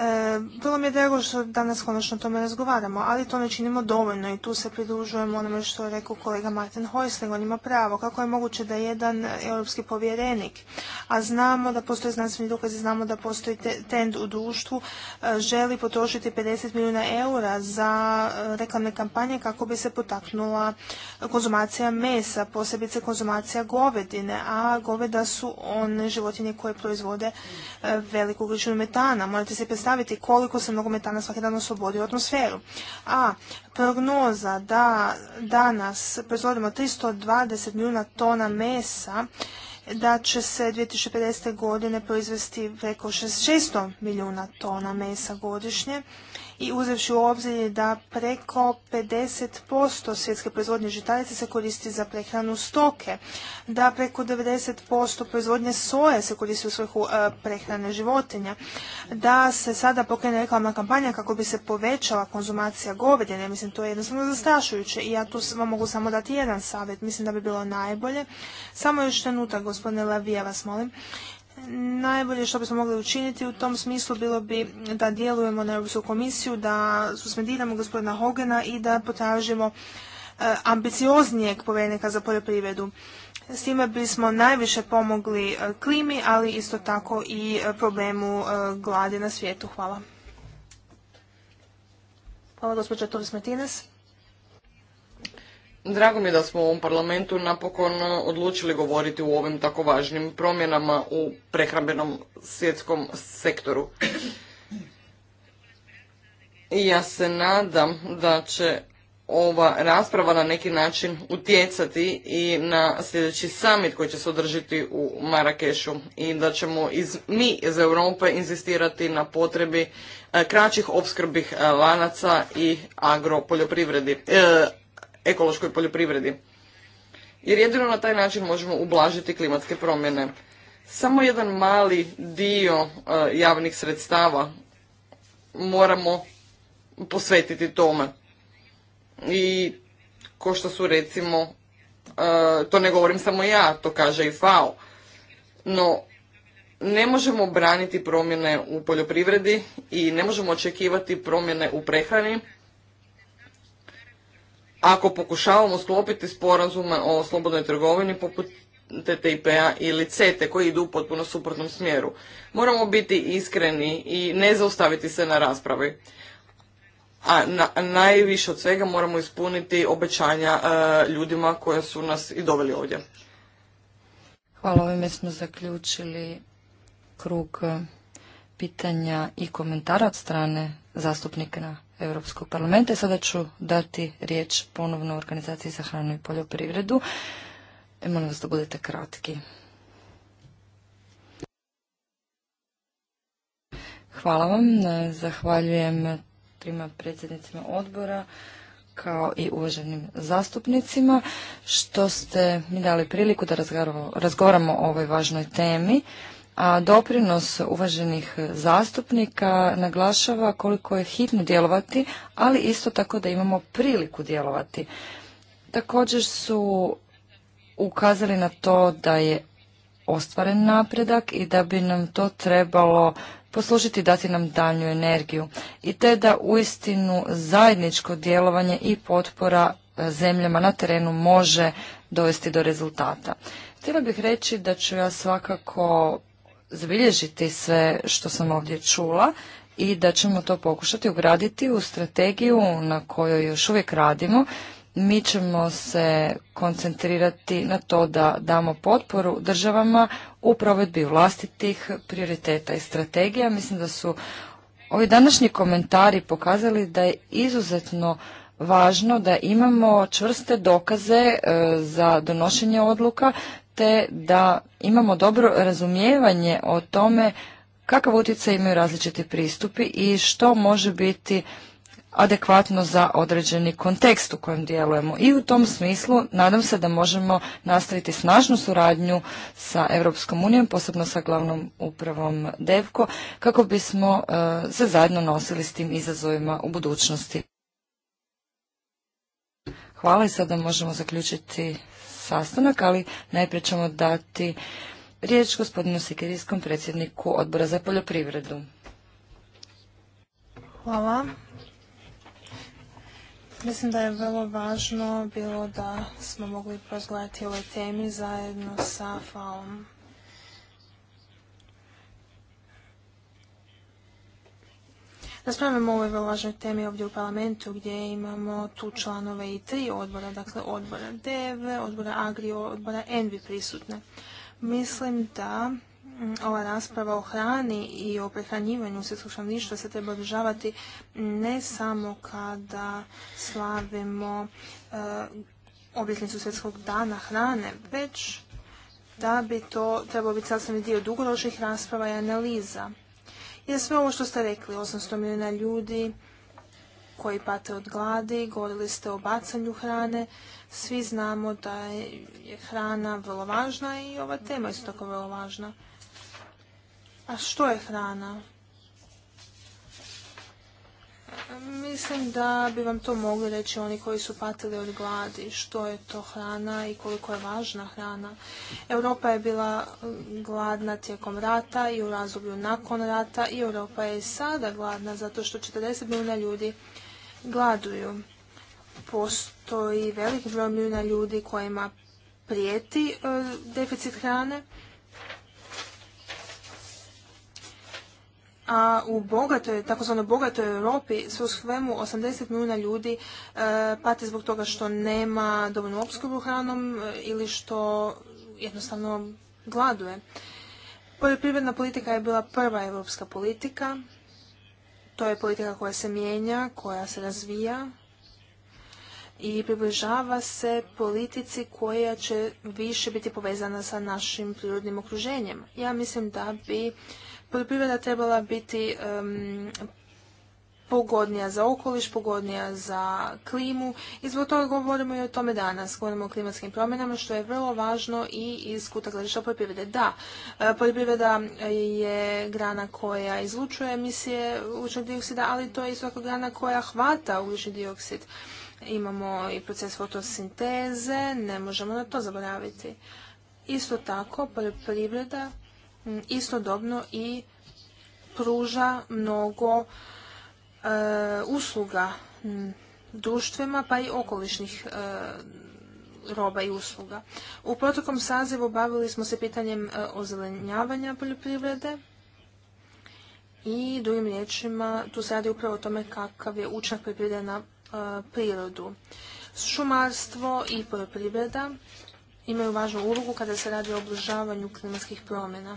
E, bilo mi je drago što danas konačno o tome razgovaramo, ali to ne činimo dovoljno i tu se pridružujemo onome što je rekao kolega Martin Hoisling, on ima pravo. Kako je moguće da jedan europski povjerenik, a znamo da postoje znanstveni dokazi, znamo da postoji tend trend u društvu, e, želi potrošiti 50 milijuna eura za e, reklamne kampanje kako bi se potaknula konzumacija mesa, posebice konzumacija govedine, a goveda su one životinje koje proizvode veliku količinu metana. Morate se predstaviti predstaviti koliko se nogometana svaki dan oslobodi u atmosferu. A prognoza da danas proizvodimo 320 milijuna tona mesa, da će se 2050. godine proizvesti preko 600 milijuna tona mesa godišnje i uzevši u obzir da preko 50% svjetske proizvodnje žitarice se koristi za prehranu stoke, da preko 90% proizvodnje soje se koristi u svrhu e, prehrane životinja, da se sada pokrene reklamna kampanja kako bi se povećala konzumacija govedine. Mislim, to je jednostavno zastrašujuće i ja tu vam mogu samo dati jedan savjet. Mislim da bi bilo najbolje. Samo još trenutak, gospodine Lavija, vas molim. Najbolje što bismo mogli učiniti u tom smislu bilo bi da djelujemo na Europsku komisiju, da suspendiramo gospodina Hogena i da potražimo e, ambicioznijeg povjerenika za poljoprivredu. S time bismo najviše pomogli e, klimi, ali isto tako i e, problemu gladi na svijetu. Hvala. Hvala gospođa Tovis Martinez. Drago mi je da smo u ovom parlamentu napokon e, odlučili govoriti u ovim tako važnim promjenama u prehrambenom svjetskom sektoru. I ja se nadam da će ova rasprava na neki način utjecati i na sljedeći summit koji će se održiti u Marakešu i da ćemo iz, mi iz Europe inzistirati na potrebi e, kraćih opskrbih e, lanaca i agropoljoprivredi, ekološkoj poljoprivredi. Jer jedino na taj način možemo ublažiti klimatske promjene. Samo jedan mali dio e, javnih sredstava moramo posvetiti tome. I ko što su recimo, e, to ne govorim samo ja, to kaže i FAO. No, ne možemo braniti promjene u poljoprivredi i ne možemo očekivati promjene u prehrani ako pokušavamo sklopiti sporazume o slobodnoj trgovini poput TTIP-a ili CETE koji idu u potpuno suprotnom smjeru. Moramo biti iskreni i ne zaustaviti se na raspravi. A najviše od svega moramo ispuniti obećanja e, ljudima koje su nas i doveli ovdje. Hvala, ovime smo zaključili krug e, pitanja i komentara od strane zastupnika Europskog parlamenta. Sada ću dati riječ ponovno organizaciji za hranu i poljoprivredu. E, molim vas da budete kratki. Hvala vam. Zahvaljujem trima predsjednicima odbora kao i uvaženim zastupnicima što ste mi dali priliku da razgovaramo o ovoj važnoj temi a doprinos uvaženih zastupnika naglašava koliko je hitno djelovati, ali isto tako da imamo priliku djelovati. Također su ukazali na to da je ostvaren napredak i da bi nam to trebalo poslužiti dati nam daljnju energiju i te da uistinu zajedničko djelovanje i potpora e, zemljama na terenu može dovesti do rezultata. Htjela bih reći da ću ja svakako zabilježiti sve što sam ovdje čula i da ćemo to pokušati ugraditi u strategiju na kojoj još uvijek radimo. Mi ćemo se koncentrirati na to da damo potporu državama u provedbi vlastitih prioriteta i strategija. Mislim da su ovi današnji komentari pokazali da je izuzetno važno da imamo čvrste dokaze e, za donošenje odluka te da imamo dobro razumijevanje o tome kakav utjecaj imaju različiti pristupi i što može biti adekvatno za određeni kontekst u kojem djelujemo. I u tom smislu nadam se da možemo nastaviti snažnu suradnju sa Europskom unijom, posebno sa glavnom upravom DEVKO, kako bismo e, se zajedno nosili s tim izazovima u budućnosti. Hvala i sada možemo zaključiti sastanak, ali najprije ćemo dati riječ gospodinu Sikirijskom predsjedniku odbora za poljoprivredu. Hvala. Mislim da je vrlo važno bilo da smo mogli prozgledati ovoj temi zajedno sa FAO-om. raspravljamo o ovoj vrlo važnoj temi ovdje u parlamentu gdje imamo tu članove i tri odbora, dakle odbora DEV, odbora AGRI, odbora ENVI prisutne. Mislim da mm, ova rasprava o hrani i o prehranjivanju svjetskog stanovništva se treba održavati ne samo kada slavimo e, svjetskog dana hrane, već da bi to trebao biti sasvim dio dugoročnih rasprava i analiza je sve ovo što ste rekli, 800 milijuna ljudi koji pate od gladi, govorili ste o bacanju hrane, svi znamo da je hrana vrlo važna i ova tema je isto tako vrlo važna. A što je hrana? Mislim da bi vam to mogli reći oni koji su patili od gladi, što je to hrana i koliko je važna hrana. Europa je bila gladna tijekom rata i u razdoblju nakon rata i Europa je i sada gladna zato što 40 milijuna ljudi gladuju. Postoji velik broj milijuna ljudi kojima prijeti e, deficit hrane a u bogatoj, takozvano bogatoj Europi sve u svemu 80 milijuna ljudi e, pati zbog toga što nema dovoljnu opskrbu hranom e, ili što jednostavno gladuje. Poljoprivredna politika je bila prva europska politika. To je politika koja se mijenja, koja se razvija i približava se politici koja će više biti povezana sa našim prirodnim okruženjem. Ja mislim da bi poljoprivreda trebala biti pogodnija za okoliš, pogodnija za klimu i zbog toga govorimo i o tome danas. Govorimo o klimatskim promjenama što je vrlo važno i iz kuta gledišta poljoprivrede. Da, e, poljoprivreda je grana koja izlučuje emisije ugljičnog dioksida, ali to je isto tako grana koja hvata ugljični dioksid. Imamo i proces fotosinteze, ne možemo na to zaboraviti. Isto tako, poljoprivreda istodobno i pruža mnogo e, usluga društvima pa i okolišnih e, roba i usluga. U protokom sazivu bavili smo se pitanjem e, ozelenjavanja poljoprivrede i drugim riječima tu se radi upravo o tome kakav je učinak poljoprivrede na prirodu. Šumarstvo i poljoprivreda imaju važnu ulogu kada se radi o oblažavanju klimatskih promjena.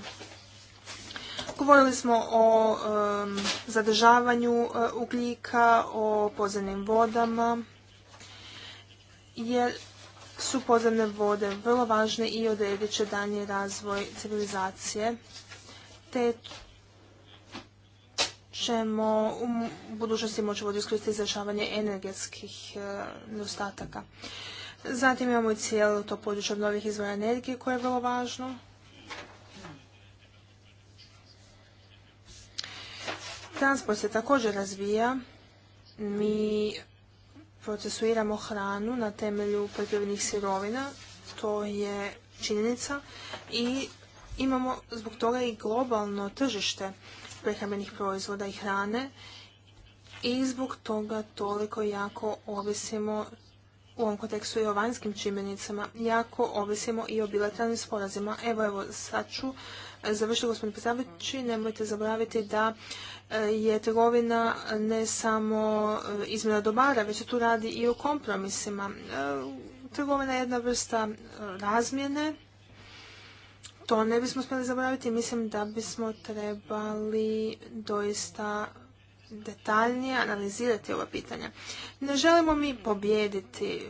Govorili smo o zadržavanju eh, ugljika, o podzemnim vodama, jer su podzemne vode vrlo važne i odredit će danji razvoj civilizacije, te ćemo u budućnosti moći voditi iskoristiti izrašavanje energetskih eh, nedostataka. Zatim imamo i cijelo to područje novih izvora energije koje je vrlo važno. Transport se također razvija. Mi procesuiramo hranu na temelju prehrambenih sirovina. To je činjenica i imamo zbog toga i globalno tržište prehrambenih proizvoda i hrane i zbog toga toliko jako ovisimo u ovom kontekstu i o vanjskim čimbenicama, jako ovisimo i o bilateralnim sporazima. Evo, evo, sad ću e, završiti, gospodin Pesavići, nemojte zaboraviti da e, je trgovina ne samo e, izmjena dobara, već se tu radi i o kompromisima. Trgovina je jedna vrsta razmjene, to ne bismo smjeli zaboraviti. Mislim da bismo trebali doista detaljnije analizirati ova pitanja. Ne želimo mi pobjediti,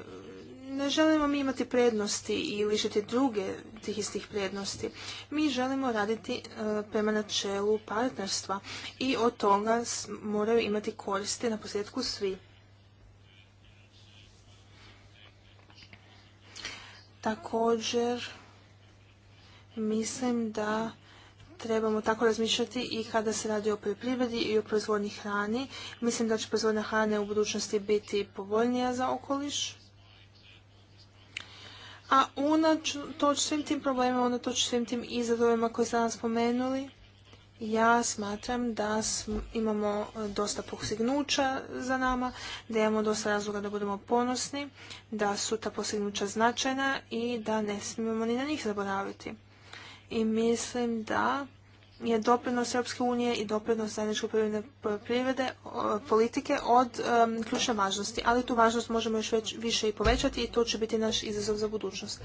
ne želimo mi imati prednosti i lišiti druge tih istih prednosti. Mi želimo raditi e, prema načelu partnerstva i od toga moraju imati koristi na posljedku svi. Također, mislim da trebamo tako razmišljati i kada se radi o poljoprivredi i o proizvodnji hrani. Mislim da će proizvodnja hrane u budućnosti biti povoljnija za okoliš. A unatoč svim tim problemima, unatoč svim tim izazovima koje ste nam spomenuli, ja smatram da imamo e, dosta postignuća za nama, da imamo dosta razloga da budemo ponosni, da su ta postignuća značajna i da ne smijemo ni na njih zaboraviti i mislim da je doprinos Europske unije i doprinos zajedničke poljoprivrede politike od ključne važnosti. Ali tu važnost možemo još više i povećati i to će biti naš izazov za budućnost.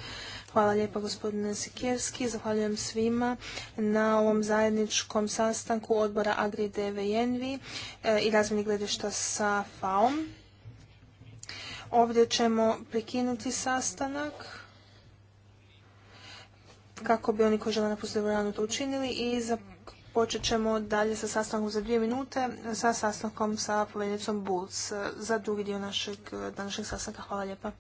Hvala lijepa gospodine Sikirski, zahvaljujem svima na ovom zajedničkom sastanku odbora Agri i Envi e, i razmjeni gledišta sa FAOM. Ovdje ćemo prekinuti sastanak kako bi oni koji žele napustiti dvoranu to učinili i započet ćemo dalje sa sastankom za dvije minute, sa sastankom sa povednicom Bulls za drugi dio našeg današnjeg sastanka. Hvala lijepa.